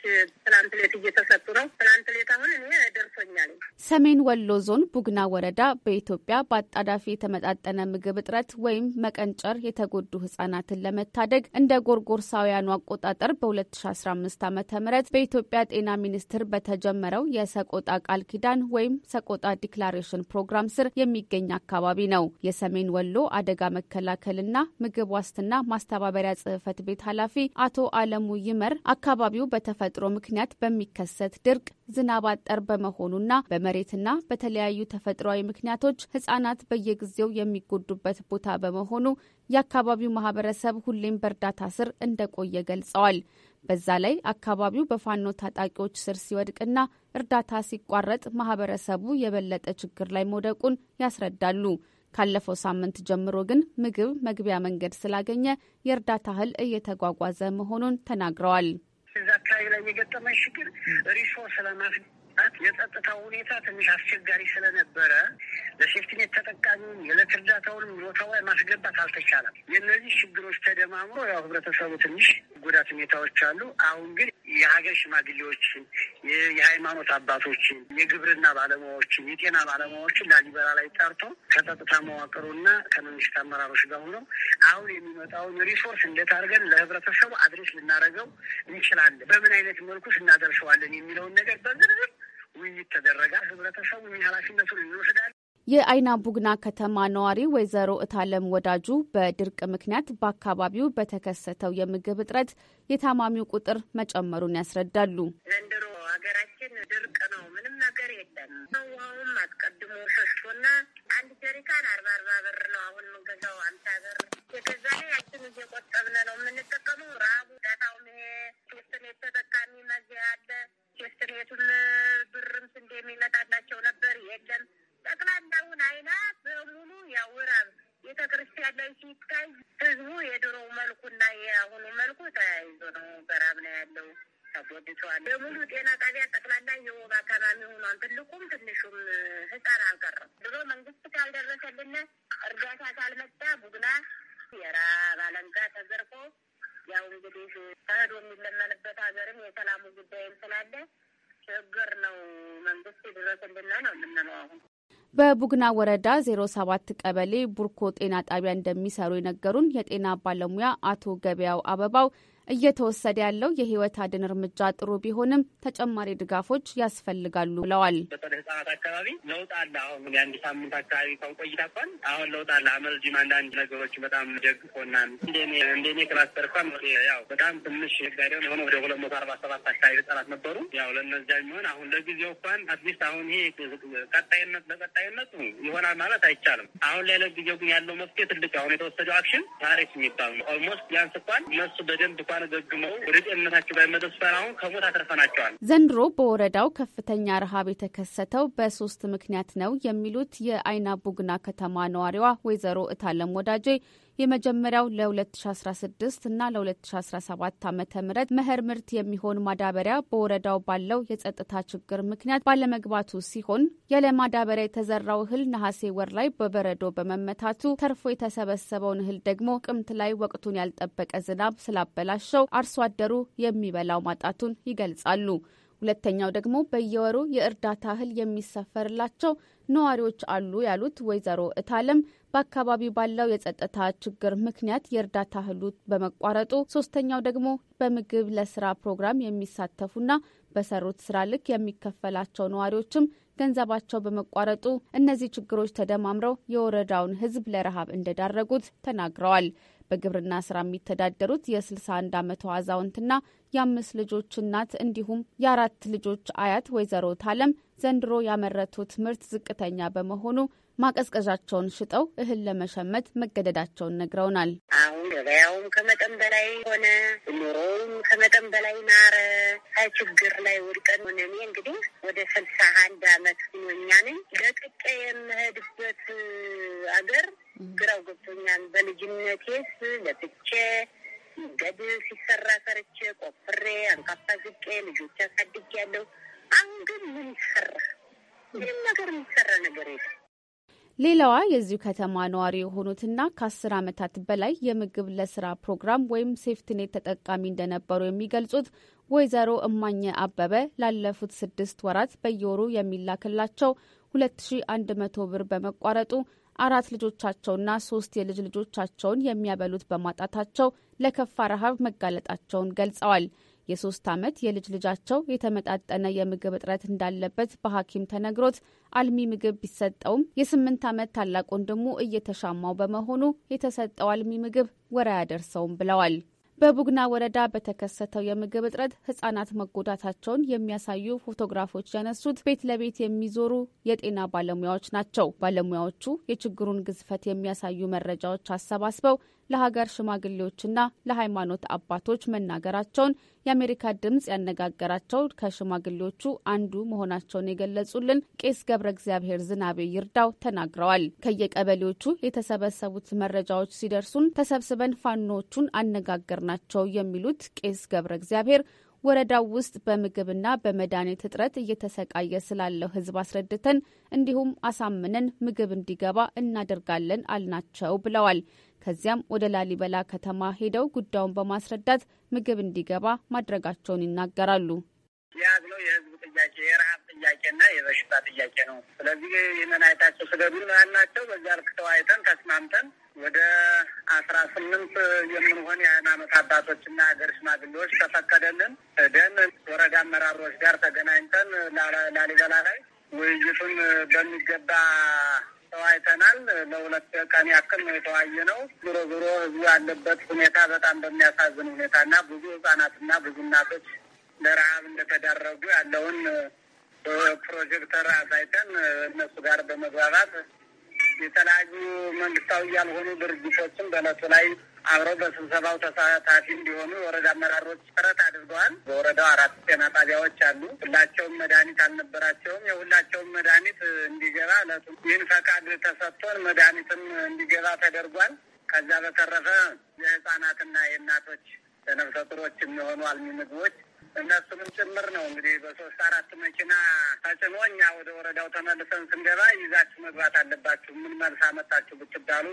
ፕላንትሌት እየተሰጡ ነው። ፕላንትሌት አሁን እኔ ደርሶኛል። ሰሜን ወሎ ዞን ቡግና ወረዳ በኢትዮጵያ በአጣዳፊ የተመጣጠነ ምግብ እጥረት ወይም መቀንጨር የተጎዱ ህጻናትን ለመታደግ እንደ ጎርጎርሳውያኑ አቆጣጠር በ2010 2015 ዓ ም በኢትዮጵያ ጤና ሚኒስቴር በተጀመረው የሰቆጣ ቃል ኪዳን ወይም ሰቆጣ ዲክላሬሽን ፕሮግራም ስር የሚገኝ አካባቢ ነው። የሰሜን ወሎ አደጋ መከላከልና ምግብ ዋስትና ማስተባበሪያ ጽሕፈት ቤት ኃላፊ አቶ አለሙ ይመር አካባቢው በተፈጥሮ ምክንያት በሚከሰት ድርቅ ዝናብ አጠር በመሆኑና በመሬትና በተለያዩ ተፈጥሯዊ ምክንያቶች ህጻናት በየጊዜው የሚጎዱበት ቦታ በመሆኑ የአካባቢው ማህበረሰብ ሁሌም በእርዳታ ስር እንደቆየ ገልጸዋል። በዛ ላይ አካባቢው በፋኖ ታጣቂዎች ስር ሲወድቅና እርዳታ ሲቋረጥ ማህበረሰቡ የበለጠ ችግር ላይ መውደቁን ያስረዳሉ። ካለፈው ሳምንት ጀምሮ ግን ምግብ መግቢያ መንገድ ስላገኘ የእርዳታ እህል እየተጓጓዘ መሆኑን ተናግረዋል። እዛ አካባቢ ላይ የገጠመ ችግር ሪሶርስ ለማፍ የጸጥታው ሁኔታ ትንሽ አስቸጋሪ ስለነበረ ለሴፍትኔት ተጠቃሚውን የዕለት እርዳታውንም ቦታው ላይ ማስገባት አልተቻለም። የእነዚህ ችግሮች ተደማምሮ ያው ህብረተሰቡ ትንሽ ጉዳት ሁኔታዎች አሉ። አሁን ግን የሀገር ሽማግሌዎችን፣ የሃይማኖት አባቶችን፣ የግብርና ባለሙያዎችን፣ የጤና ባለሙያዎችን ላሊበላ ላይ ጠርቶ ከጸጥታ መዋቅሩና ከመንግስት አመራሮች ጋር ሆነው አሁን የሚመጣውን ሪሶርስ እንዴት አድርገን ለህብረተሰቡ አድሬስ ልናደርገው እንችላለን፣ በምን አይነት መልኩ እናደርሰዋለን የሚለውን ነገር በዝርዝር ውይይት ተደረገ። ህብረተሰቡ ኃላፊነቱን ይወስዳል። የአይና ቡግና ከተማ ነዋሪ ወይዘሮ እታለም ወዳጁ በድርቅ ምክንያት በአካባቢው በተከሰተው የምግብ እጥረት የታማሚው ቁጥር መጨመሩን ያስረዳሉ። ዘንድሮ ሀገራችን ድርቅ ነው፣ ምንም ነገር የለም። ውሃውም አስቀድሞ ሸሽቶና አንድ ጀሪካን አርባ አርባ ብር ነው አሁን የምንገዛው አምሳ ብር የገዛ ላይ ያችን እየቆጠብን ነው የምንጠቀመው። ራቡ ዳታውም ይሄ ሶስትን የተጠቃሚ መዚያ አለ። የቱን ብርም ስንዴ የሚመጣላቸው ነበር የለም። ጠቅላላውን አይና በሙሉ ያውራብ ቤተ ክርስቲያን ላይ ሲታይ ህዝቡ የድሮው መልኩና የአሁኑ መልኩ ተያይዞ ነው በራብ ነው ያለው። ተጎድተዋል። በሙሉ ጤና ጣቢያ ጠቅላላ የወባ አካባቢ ሆኗል። ትልቁም ትንሹም ህፃን አልቀረም። ድሮ መንግስት ካልደረሰልን እርዳታ ካልመጣ ቡግና የራ ባለንጋ ተዘርፎ ያው እንግዲህ ተህዶ የሚለመንበት ሀገርም የሰላሙ ጉዳይም ስላለ ችግር ነው። መንግስት ድረስልና ነው የምንለው አሁን በቡግና ወረዳ 07 ቀበሌ ቡርኮ ጤና ጣቢያ እንደሚሰሩ የነገሩን የጤና ባለሙያ አቶ ገበያው አበባው እየተወሰደ ያለው የህይወት አድን እርምጃ ጥሩ ቢሆንም ተጨማሪ ድጋፎች ያስፈልጋሉ ብለዋል። በተለይ ህጻናት አካባቢ ለውጥ አለ። አሁን የአንድ ሳምንት አካባቢ ሰው ቆይታ አሁን ለውጥ አለ። አመልጂም አንዳንድ ነገሮች በጣም ደግፎናል። እንደኔ ክላስተር እንኳን ያው በጣም ትንሽ ጋሪሆን የሆነ ወደ ሁለት መቶ አርባ ሰባት አካባቢ ህጻናት ነበሩ። ያው ለእነዚያ የሚሆን አሁን ለጊዜው እንኳን አትሊስት አሁን ይሄ ቀጣይነት በቀጣይነቱ ይሆናል ማለት አይቻልም። አሁን ላይ ለጊዜው ግን ያለው መፍትሄ ትልቅ አሁን የተወሰደው አክሽን ታሪክ የሚባል ነው። ኦልሞስት ቢያንስ እንኳን እነሱ በደንብ እንኳን ገግመው ወደ ጤንነታቸው ባይመለሱ አሁን ከሞት አተርፈናቸዋል። ዘንድሮ በወረዳው ከፍተኛ ረሃብ የተከሰተው በሶስት ምክንያት ነው የሚሉት የአይና ቡግና ከተማ ነዋሪዋ ወይዘሮ እታለም ወዳጄ የመጀመሪያው ለ2016 እና ለ2017 ዓ ም መኸር ምርት የሚሆን ማዳበሪያ በወረዳው ባለው የጸጥታ ችግር ምክንያት ባለመግባቱ ሲሆን ያለ ማዳበሪያ የተዘራው እህል ነሐሴ ወር ላይ በበረዶ በመመታቱ ተርፎ የተሰበሰበውን እህል ደግሞ ቅምት ላይ ወቅቱን ያልጠበቀ ዝናብ ስላበላሸው አርሶ አደሩ የሚበላው ማጣቱን ይገልጻሉ። ሁለተኛው ደግሞ በየወሩ የእርዳታ እህል የሚሰፈርላቸው ነዋሪዎች አሉ ያሉት ወይዘሮ እታለም በአካባቢው ባለው የጸጥታ ችግር ምክንያት የእርዳታ እህሉ በመቋረጡ፣ ሶስተኛው ደግሞ በምግብ ለስራ ፕሮግራም የሚሳተፉና በሰሩት ስራ ልክ የሚከፈላቸው ነዋሪዎችም ገንዘባቸው በመቋረጡ እነዚህ ችግሮች ተደማምረው የወረዳውን ሕዝብ ለረሃብ እንደዳረጉት ተናግረዋል። በግብርና ስራ የሚተዳደሩት የ61 ዓመቷ አዛውንትና የአምስት ልጆች እናት እንዲሁም የአራት ልጆች አያት ወይዘሮ ታለም ዘንድሮ ያመረቱት ምርት ዝቅተኛ በመሆኑ ማቀዝቀዣቸውን ሽጠው እህል ለመሸመት መገደዳቸውን ነግረውናል። አሁን ገበያውም ከመጠን በላይ ሆነ፣ ኑሮውም ከመጠን በላይ ናረ። ከችግር ላይ ውድቀን ሆነ። እኔ እንግዲህ ወደ ስልሳ አንድ አመት ሆኛ ነኝ። ለቅቄ የምሄድበት አገር ግራው ገብቶኛል። በልጅነቴስ ለብቼ ገድ ሲሰራ ሰርቼ ቆፍሬ አንካፋ ዝቄ ልጆች አሳድጌ ያለው አሁን ግን ምን ይሰራ? ምንም ነገር የሚሰራ ነገር የለም። ሌላዋ የዚሁ ከተማ ነዋሪ የሆኑትና ከአስር ዓመታት በላይ የምግብ ለስራ ፕሮግራም ወይም ሴፍትኔት ተጠቃሚ እንደነበሩ የሚገልጹት ወይዘሮ እማኘ አበበ ላለፉት ስድስት ወራት በየወሩ የሚላክላቸው 2100 ብር በመቋረጡ አራት ልጆቻቸውና ሶስት የልጅ ልጆቻቸውን የሚያበሉት በማጣታቸው ለከፋ ረሃብ መጋለጣቸውን ገልጸዋል። የሶስት ዓመት የልጅ ልጃቸው የተመጣጠነ የምግብ እጥረት እንዳለበት በሐኪም ተነግሮት አልሚ ምግብ ቢሰጠውም የስምንት ዓመት ታላቅ ወንድሙ እየተሻማው በመሆኑ የተሰጠው አልሚ ምግብ ወር አያደርሰውም ብለዋል። በቡግና ወረዳ በተከሰተው የምግብ እጥረት ህጻናት መጎዳታቸውን የሚያሳዩ ፎቶግራፎች ያነሱት ቤት ለቤት የሚዞሩ የጤና ባለሙያዎች ናቸው። ባለሙያዎቹ የችግሩን ግዝፈት የሚያሳዩ መረጃዎች አሰባስበው ለሀገር ሽማግሌዎችና ለሃይማኖት አባቶች መናገራቸውን የአሜሪካ ድምፅ ያነጋገራቸው ከሽማግሌዎቹ አንዱ መሆናቸውን የገለጹልን ቄስ ገብረ እግዚአብሔር ዝናቤ ይርዳው ተናግረዋል። ከየቀበሌዎቹ የተሰበሰቡት መረጃዎች ሲደርሱን ተሰብስበን ፋኖዎቹን አነጋገርናቸው የሚሉት ቄስ ገብረ እግዚአብሔር ወረዳው ውስጥ በምግብና በመድኃኒት እጥረት እየተሰቃየ ስላለው ሕዝብ አስረድተን እንዲሁም አሳምነን ምግብ እንዲገባ እናደርጋለን አልናቸው ብለዋል። ከዚያም ወደ ላሊበላ ከተማ ሄደው ጉዳዩን በማስረዳት ምግብ እንዲገባ ማድረጋቸውን ይናገራሉ። የያዝነው የህዝብ ጥያቄ የረሀብ ጥያቄና የበሽታ ጥያቄ ነው። ስለዚህ ይህንን አይታቸው ስገዱን ያልናቸው በዚያ ልክ ተዋይተን ተስማምተን ወደ አስራ ስምንት የምንሆን የሃይማኖት አባቶችና ሀገር ሽማግሌዎች ተፈቀደልን። ደን ወረዳ አመራሮች ጋር ተገናኝተን ላሊበላ ላይ ውይይቱን በሚገባ ተወያይተናል። ለሁለት ቀን ያክል ነው የተወያየ ነው። ዞሮ ዞሮ ህዝቡ ያለበት ሁኔታ በጣም በሚያሳዝን ሁኔታ እና ብዙ ህጻናትና ብዙ እናቶች ለረሀብ እንደተዳረጉ ያለውን ፕሮጀክተር አሳይተን እነሱ ጋር በመግባባት የተለያዩ መንግስታዊ ያልሆኑ ድርጅቶችን በእለቱ ላይ አብረው በስብሰባው ተሳታፊ እንዲሆኑ የወረዳ አመራሮች ጥረት አድርገዋል። በወረዳው አራት ጤና ጣቢያዎች አሉ። ሁላቸውም መድኃኒት አልነበራቸውም። የሁላቸውም መድኃኒት እንዲገባ ለቱ ይህን ፈቃድ ተሰጥቶን መድኃኒትም እንዲገባ ተደርጓል። ከዛ በተረፈ የህጻናትና የእናቶች ለነፍሰ ጡሮች የሚሆኑ አልሚ ምግቦች እነሱንም ጭምር ነው እንግዲህ በሶስት አራት መኪና ተጭኖ እኛ ወደ ወረዳው ተመልሰን ስንገባ ይዛችሁ መግባት አለባችሁ፣ ምን መልስ አመጣችሁ ብትባሉ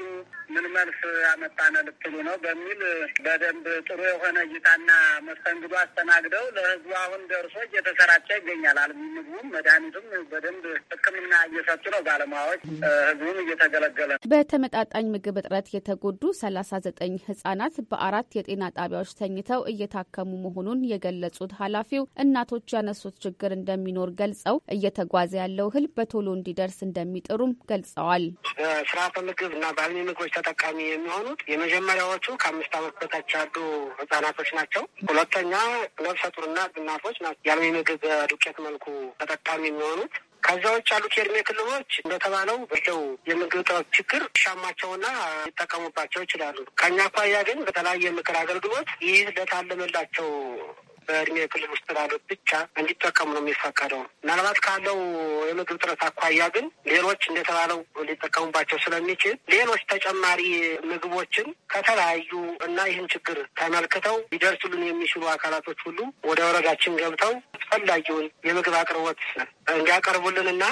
ምን መልስ አመጣነ ልትሉ ነው በሚል በደንብ ጥሩ የሆነ እይታና መስተንግዶ አስተናግደው ለህዝቡ አሁን ደርሶ እየተሰራጨ ይገኛል። አልሚ ምግቡም መድኃኒቱም በደንብ ሕክምና እየሰጡ ነው ባለሙያዎች፣ ህዝቡም እየተገለገለ በተመጣጣኝ ምግብ እጥረት የተጎዱ ሰላሳ ዘጠኝ ህጻናት በአራት የጤና ጣቢያዎች ተኝተው እየታከሙ መሆኑን የገለጹ። አገልግሎት ኃላፊው እናቶች ያነሱት ችግር እንደሚኖር ገልጸው እየተጓዘ ያለው እህል በቶሎ እንዲደርስ እንደሚጥሩም ገልጸዋል። በስርዓተ ምግብ እና በአልሚ ምግቦች ተጠቃሚ የሚሆኑት የመጀመሪያዎቹ ከአምስት ዓመት በታች ያሉ ህጻናቶች ናቸው። ሁለተኛ ነፍሰ ጡርና እናቶች ናቸው የአልሚ ምግብ ዱቄት መልኩ ተጠቃሚ የሚሆኑት ከዛ ውጭ ያሉት የእድሜ ክልሎች እንደተባለው ብለው የምግብ ጥበብ ችግር ይሻማቸውና ሊጠቀሙባቸው ይችላሉ። ከኛ አኳያ ግን በተለያየ ምክር አገልግሎት ይህ ለታለመላቸው በእድሜ ክልል ውስጥ ላሉት ብቻ እንዲጠቀሙ ነው የሚፈቀደው። ምናልባት ካለው የምግብ ጥረት አኳያ ግን ሌሎች እንደተባለው ሊጠቀሙባቸው ስለሚችል ሌሎች ተጨማሪ ምግቦችን ከተለያዩ እና ይህን ችግር ተመልክተው ሊደርሱልን የሚችሉ አካላቶች ሁሉ ወደ ወረዳችን ገብተው አስፈላጊውን የምግብ አቅርቦት እንዲያቀርቡልንና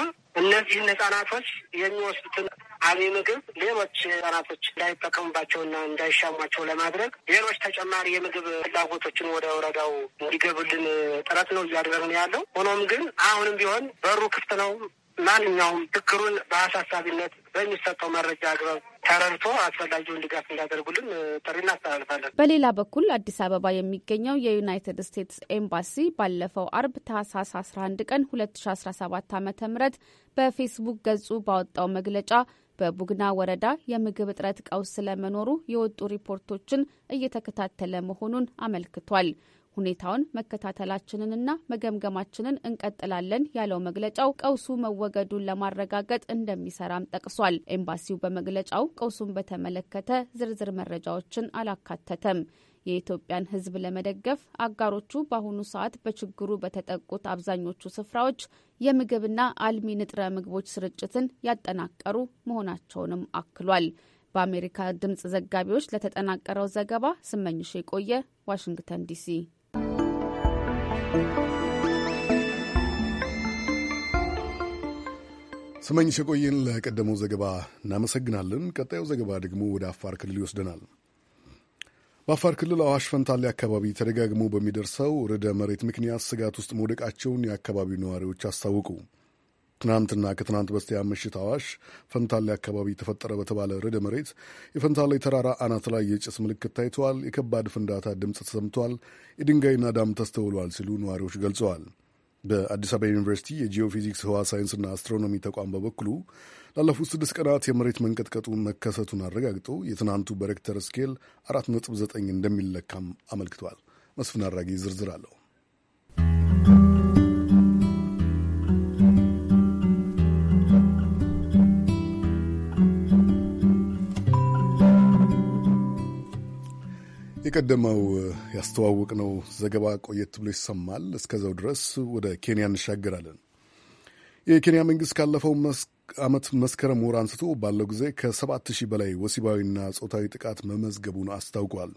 እነዚህን ህጻናቶች የሚወስዱትን አሊ ምግብ ሌሎች ህጻናቶች እንዳይጠቀሙባቸውና እንዳይሻሟቸው ለማድረግ ሌሎች ተጨማሪ የምግብ ፍላጎቶችን ወደ ወረዳው እንዲገቡልን ጥረት ነው እያደረግን ያለው። ሆኖም ግን አሁንም ቢሆን በሩ ክፍት ነው። ማንኛውም ችግሩን በአሳሳቢነት በሚሰጠው መረጃ አግባብ ተረድቶ አስፈላጊውን ድጋፍ እንዲያደርጉልን ጥሪ እናስተላልፋለን። በሌላ በኩል አዲስ አበባ የሚገኘው የዩናይትድ ስቴትስ ኤምባሲ ባለፈው አርብ ታህሳስ 11 ቀን 2017 ዓ ም በፌስቡክ ገጹ ባወጣው መግለጫ በቡግና ወረዳ የምግብ እጥረት ቀውስ ስለመኖሩ የወጡ ሪፖርቶችን እየተከታተለ መሆኑን አመልክቷል። ሁኔታውን መከታተላችንንና መገምገማችንን እንቀጥላለን ያለው መግለጫው ቀውሱ መወገዱን ለማረጋገጥ እንደሚሰራም ጠቅሷል። ኤምባሲው በመግለጫው ቀውሱን በተመለከተ ዝርዝር መረጃዎችን አላካተተም። የኢትዮጵያን ሕዝብ ለመደገፍ አጋሮቹ በአሁኑ ሰዓት በችግሩ በተጠቁት አብዛኞቹ ስፍራዎች የምግብና አልሚ ንጥረ ምግቦች ስርጭትን ያጠናቀሩ መሆናቸውንም አክሏል። በአሜሪካ ድምፅ ዘጋቢዎች ለተጠናቀረው ዘገባ ስመኝሽ የቆየ ዋሽንግተን ዲሲ። ስመኝሽ የቆየን ለቀደመው ዘገባ እናመሰግናለን። ቀጣዩ ዘገባ ደግሞ ወደ አፋር ክልል ይወስደናል። በአፋር ክልል አዋሽ ፈንታሌ አካባቢ ተደጋግሞ በሚደርሰው ርዕደ መሬት ምክንያት ስጋት ውስጥ መውደቃቸውን የአካባቢው ነዋሪዎች አስታወቁ። ትናንትና ከትናንት በስቲያ ምሽት አዋሽ ፈንታሌ አካባቢ ተፈጠረ በተባለ ርዕደ መሬት የፈንታሌ ተራራ አናት ላይ የጭስ ምልክት ታይተዋል፣ የከባድ ፍንዳታ ድምፅ ተሰምተዋል፣ የድንጋይና ዳም ተስተውሏል ሲሉ ነዋሪዎች ገልጸዋል። በአዲስ አበባ ዩኒቨርሲቲ የጂኦፊዚክስ ህዋ ሳይንስና አስትሮኖሚ ተቋም በበኩሉ ላለፉት ስድስት ቀናት የመሬት መንቀጥቀጡ መከሰቱን አረጋግጦ የትናንቱ በሬክተር ስኬል አራት ነጥብ ዘጠኝ እንደሚለካም አመልክቷል። መስፍን አድራጊ ዝርዝር አለው። የቀደመው ነው ዘገባ ቆየት ብሎ ይሰማል። እስከዛው ድረስ ወደ ኬንያ እንሻገራለን። የኬንያ መንግስት ካለፈው ዓመት መስከረም ወር አንስቶ ባለው ጊዜ ከሰባት ሺህ በላይ ወሲባዊና ጾታዊ ጥቃት መመዝገቡን አስታውቋል።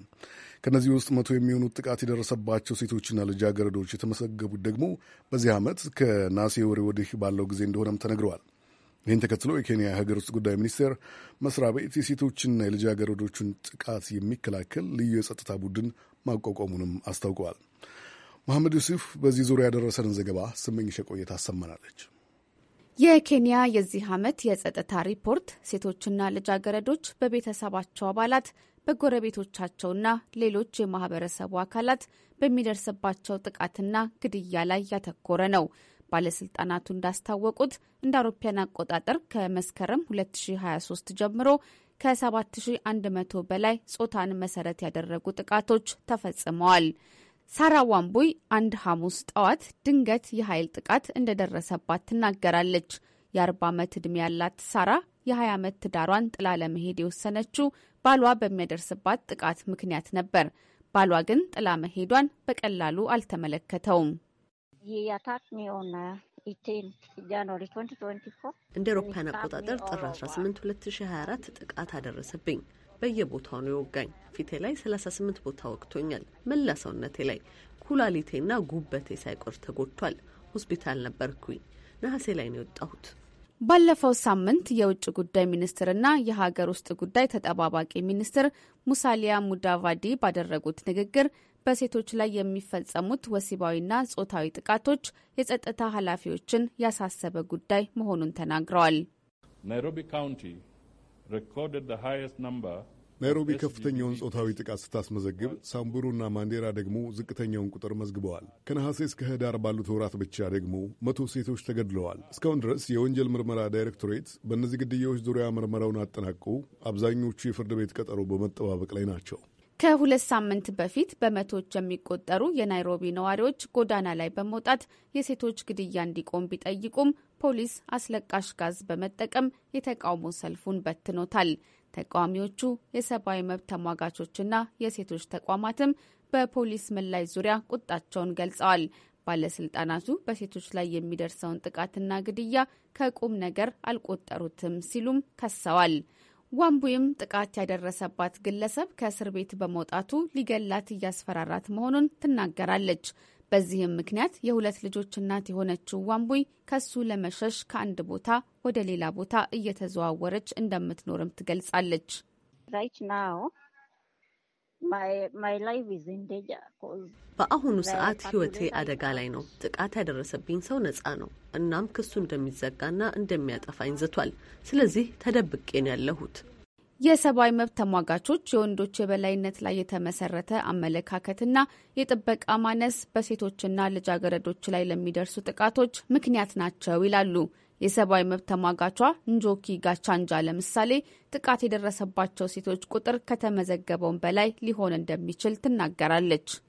ከእነዚህ ውስጥ መቶ የሚሆኑት ጥቃት የደረሰባቸው ሴቶችና ልጃገረዶች የተመዘገቡት ደግሞ በዚህ ዓመት ከናሴ ወር ወዲህ ባለው ጊዜ እንደሆነም ተነግረዋል። ይህን ተከትሎ የኬንያ የሀገር ውስጥ ጉዳይ ሚኒስቴር መስሪያ ቤት የሴቶችና የልጃገረዶችን ጥቃት የሚከላከል ልዩ የጸጥታ ቡድን ማቋቋሙንም አስታውቀዋል። መሐመድ ዩሱፍ በዚህ ዙሪያ ያደረሰንን ዘገባ ስመኝሸ ቆየት ታሰማናለች። የኬንያ የዚህ ዓመት የጸጥታ ሪፖርት ሴቶችና ልጃገረዶች በቤተሰባቸው አባላት በጎረቤቶቻቸውና ሌሎች የማህበረሰቡ አካላት በሚደርስባቸው ጥቃትና ግድያ ላይ ያተኮረ ነው። ባለስልጣናቱ እንዳስታወቁት እንደ አውሮፓውያን አቆጣጠር ከመስከረም 2023 ጀምሮ ከ7100 በላይ ጾታን መሰረት ያደረጉ ጥቃቶች ተፈጽመዋል። ሳራ ዋምቡይ አንድ ሐሙስ ጠዋት ድንገት የኃይል ጥቃት እንደደረሰባት ትናገራለች። የ40 ዓመት ዕድሜ ያላት ሳራ የ20 ዓመት ትዳሯን ጥላ ለመሄድ የወሰነችው ባሏ በሚያደርስባት ጥቃት ምክንያት ነበር። ባሏ ግን ጥላ መሄዷን በቀላሉ አልተመለከተውም። እንደ ኤሮፓያን አቆጣጠር ጥር 18 2024 ጥቃት አደረሰብኝ። በየቦታው ነው የወጋኝ። ፊቴ ላይ 38 ቦታ ወቅቶኛል። መላ ሰውነቴ ላይ ኩላሊቴና ጉበቴ ሳይቆር ተጎድቷል። ሆስፒታል ነበርኩኝ። ነሐሴ ላይ ነው የወጣሁት። ባለፈው ሳምንት የውጭ ጉዳይ ሚኒስትርና የሀገር ውስጥ ጉዳይ ተጠባባቂ ሚኒስትር ሙሳሊያ ሙዳቫዲ ባደረጉት ንግግር በሴቶች ላይ የሚፈጸሙት ወሲባዊና ጾታዊ ጥቃቶች የጸጥታ ኃላፊዎችን ያሳሰበ ጉዳይ መሆኑን ተናግረዋል። ናይሮቢ ከፍተኛውን ጾታዊ ጥቃት ስታስመዘግብ ሳምቡሩና ማንዴራ ደግሞ ዝቅተኛውን ቁጥር መዝግበዋል። ከነሐሴ እስከ ህዳር ባሉት ወራት ብቻ ደግሞ መቶ ሴቶች ተገድለዋል። እስካሁን ድረስ የወንጀል ምርመራ ዳይሬክቶሬት በእነዚህ ግድያዎች ዙሪያ ምርመራውን አጠናቅቆ አብዛኞቹ የፍርድ ቤት ቀጠሮ በመጠባበቅ ላይ ናቸው። ከሁለት ሳምንት በፊት በመቶዎች የሚቆጠሩ የናይሮቢ ነዋሪዎች ጎዳና ላይ በመውጣት የሴቶች ግድያ እንዲቆም ቢጠይቁም ፖሊስ አስለቃሽ ጋዝ በመጠቀም የተቃውሞ ሰልፉን በትኖታል። ተቃዋሚዎቹ የሰብአዊ መብት ተሟጋቾችና የሴቶች ተቋማትም በፖሊስ ምላሽ ዙሪያ ቁጣቸውን ገልጸዋል። ባለስልጣናቱ በሴቶች ላይ የሚደርሰውን ጥቃትና ግድያ ከቁም ነገር አልቆጠሩትም ሲሉም ከሰዋል። ዋምቡይም ጥቃት ያደረሰባት ግለሰብ ከእስር ቤት በመውጣቱ ሊገላት እያስፈራራት መሆኑን ትናገራለች። በዚህም ምክንያት የሁለት ልጆች እናት የሆነችው ዋምቡይ ከሱ ለመሸሽ ከአንድ ቦታ ወደ ሌላ ቦታ እየተዘዋወረች እንደምትኖርም ትገልጻለች። በአሁኑ ሰዓት ህይወቴ አደጋ ላይ ነው። ጥቃት ያደረሰብኝ ሰው ነጻ ነው። እናም ክሱ እንደሚዘጋና እንደሚያጠፋኝ ዝቷል። ስለዚህ ተደብቄን ያለሁት የሰብአዊ መብት ተሟጋቾች የወንዶች የበላይነት ላይ የተመሰረተ አመለካከትና የጥበቃ ማነስ በሴቶችና ልጃገረዶች ላይ ለሚደርሱ ጥቃቶች ምክንያት ናቸው ይላሉ። የሰብአዊ መብት ተሟጋቿ እንጆኪ ጋቻንጃ ለምሳሌ ጥቃት የደረሰባቸው ሴቶች ቁጥር ከተመዘገበውን በላይ ሊሆን እንደሚችል ትናገራለች። uh,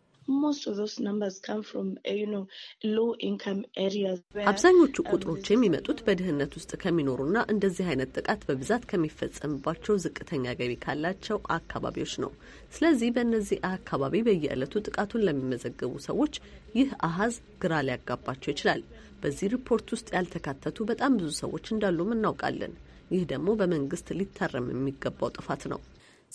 አብዛኞቹ um, ቁጥሮች የሚመጡት በድህነት ውስጥ ከሚኖሩና እንደዚህ አይነት ጥቃት በብዛት ከሚፈጸምባቸው ዝቅተኛ ገቢ ካላቸው አካባቢዎች ነው። ስለዚህ በእነዚህ አካባቢ በየዕለቱ ጥቃቱን ለሚመዘገቡ ሰዎች ይህ አሃዝ ግራ ሊያጋባቸው ይችላል። በዚህ ሪፖርት ውስጥ ያልተካተቱ በጣም ብዙ ሰዎች እንዳሉም እናውቃለን። ይህ ደግሞ በመንግስት ሊታረም የሚገባው ጥፋት ነው።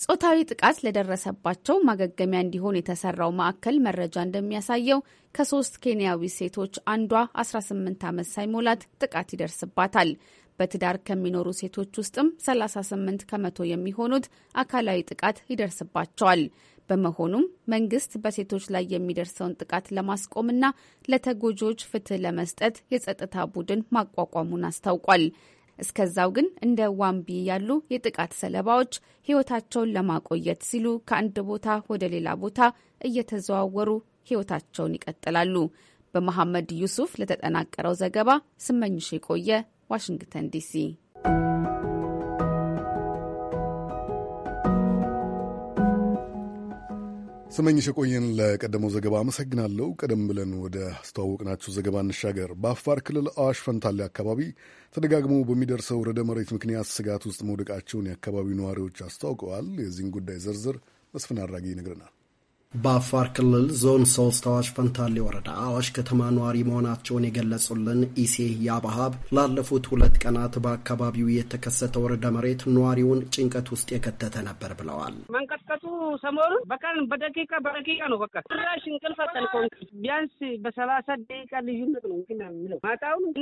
ጾታዊ ጥቃት ለደረሰባቸው ማገገሚያ እንዲሆን የተሰራው ማዕከል መረጃ እንደሚያሳየው ከሶስት ኬንያዊ ሴቶች አንዷ 18 ዓመት ሳይሞላት ጥቃት ይደርስባታል። በትዳር ከሚኖሩ ሴቶች ውስጥም 38 ከመቶ የሚሆኑት አካላዊ ጥቃት ይደርስባቸዋል። በመሆኑም መንግስት በሴቶች ላይ የሚደርሰውን ጥቃት ለማስቆምና ለተጎጂዎች ፍትህ ለመስጠት የጸጥታ ቡድን ማቋቋሙን አስታውቋል። እስከዛው ግን እንደ ዋምቢ ያሉ የጥቃት ሰለባዎች ህይወታቸውን ለማቆየት ሲሉ ከአንድ ቦታ ወደ ሌላ ቦታ እየተዘዋወሩ ህይወታቸውን ይቀጥላሉ። በመሐመድ ዩሱፍ ለተጠናቀረው ዘገባ ስመኝሽ የቆየ ዋሽንግተን ዲሲ። ስመኝሽ የቆየን ለቀደመው ዘገባ አመሰግናለሁ። ቀደም ብለን ወደ አስተዋወቅናችሁ ዘገባ እንሻገር። በአፋር ክልል አዋሽ ፈንታሌ አካባቢ ተደጋግሞ በሚደርሰው ረደ መሬት ምክንያት ስጋት ውስጥ መውደቃቸውን የአካባቢው ነዋሪዎች አስታውቀዋል። የዚህን ጉዳይ ዝርዝር መስፍን አድራጊ ይነግረናል። በአፋር ክልል ዞን ሶስት አዋሽ ፈንታሌ ወረዳ አዋሽ ከተማ ነዋሪ መሆናቸውን የገለጹልን ኢሴ ያባሀብ ላለፉት ሁለት ቀናት በአካባቢው የተከሰተው ወረዳ መሬት ነዋሪውን ጭንቀት ውስጥ የከተተ ነበር ብለዋል። መንቀጥቀጡ ሰሞኑን በቀን በደቂቃ በደቂቃ ነው። በቃ ጭራሽ እንቅልፍ አጠልቆ ቢያንስ በሰላሳ ደቂቃ ልዩነት ነው እንግዲህ የሚለው ማታውን እኔ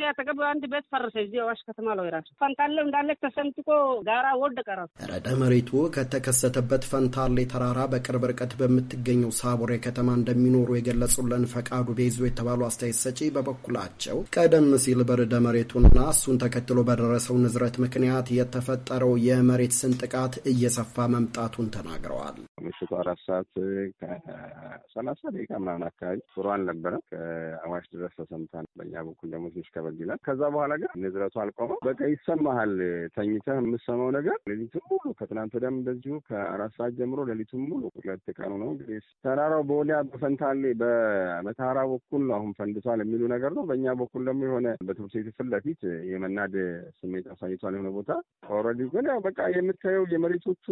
አንድ ቤት ፈረሰ እዚህ አዋሽ ከተማ ላይ ራሱ ፈንታሌ እንዳለ ተሰንጥቆ ጋራ ወደቀ። ራሱ ረዳ መሬቱ ከተከሰተበት ፈንታሌ ተራራ በቅርብ ርቀት በምትገኝ በምትገኘው ሳቦሬ ከተማ እንደሚኖሩ የገለጹልን ፈቃዱ ቤዞ የተባሉ አስተያየት ሰጪ በበኩላቸው ቀደም ሲል በርዕደ መሬቱና እሱን ተከትሎ በደረሰው ንዝረት ምክንያት የተፈጠረው የመሬት ስንጥቃት እየሰፋ መምጣቱን ተናግረዋል። ምሽቱ አራት ሰዓት ከሰላሳ ደቂቃ ምናምን አካባቢ ጥሩ አልነበረም። ከአዋሽ ድረስ ተሰምቷል። በእኛ በኩል ደግሞ ትንሽ ከበድ ይላል። ከዛ በኋላ ግን ንዝረቱ አልቆመም። በቃ ይሰማሃል። ተኝተህ የምሰማው ነገር ሌሊቱን ሙሉ ከትናንት ወዲያም እንደዚሁ ከአራት ሰዓት ጀምሮ ሌሊቱን ሙሉ ሁለት ቀኑ ነው እንግዲህ ተራራው በወሊያ በፈንታሌ በመተሃራ በኩል አሁን ፈንድቷል የሚሉ ነገር ነው። በእኛ በኩል ደግሞ የሆነ በትምህርት ቤቱ ፊት ለፊት የመናድ ስሜት አሳይቷል የሆነ ቦታ። ኦልሬዲ ግን ያው በቃ የምታየው የመሬቶቹ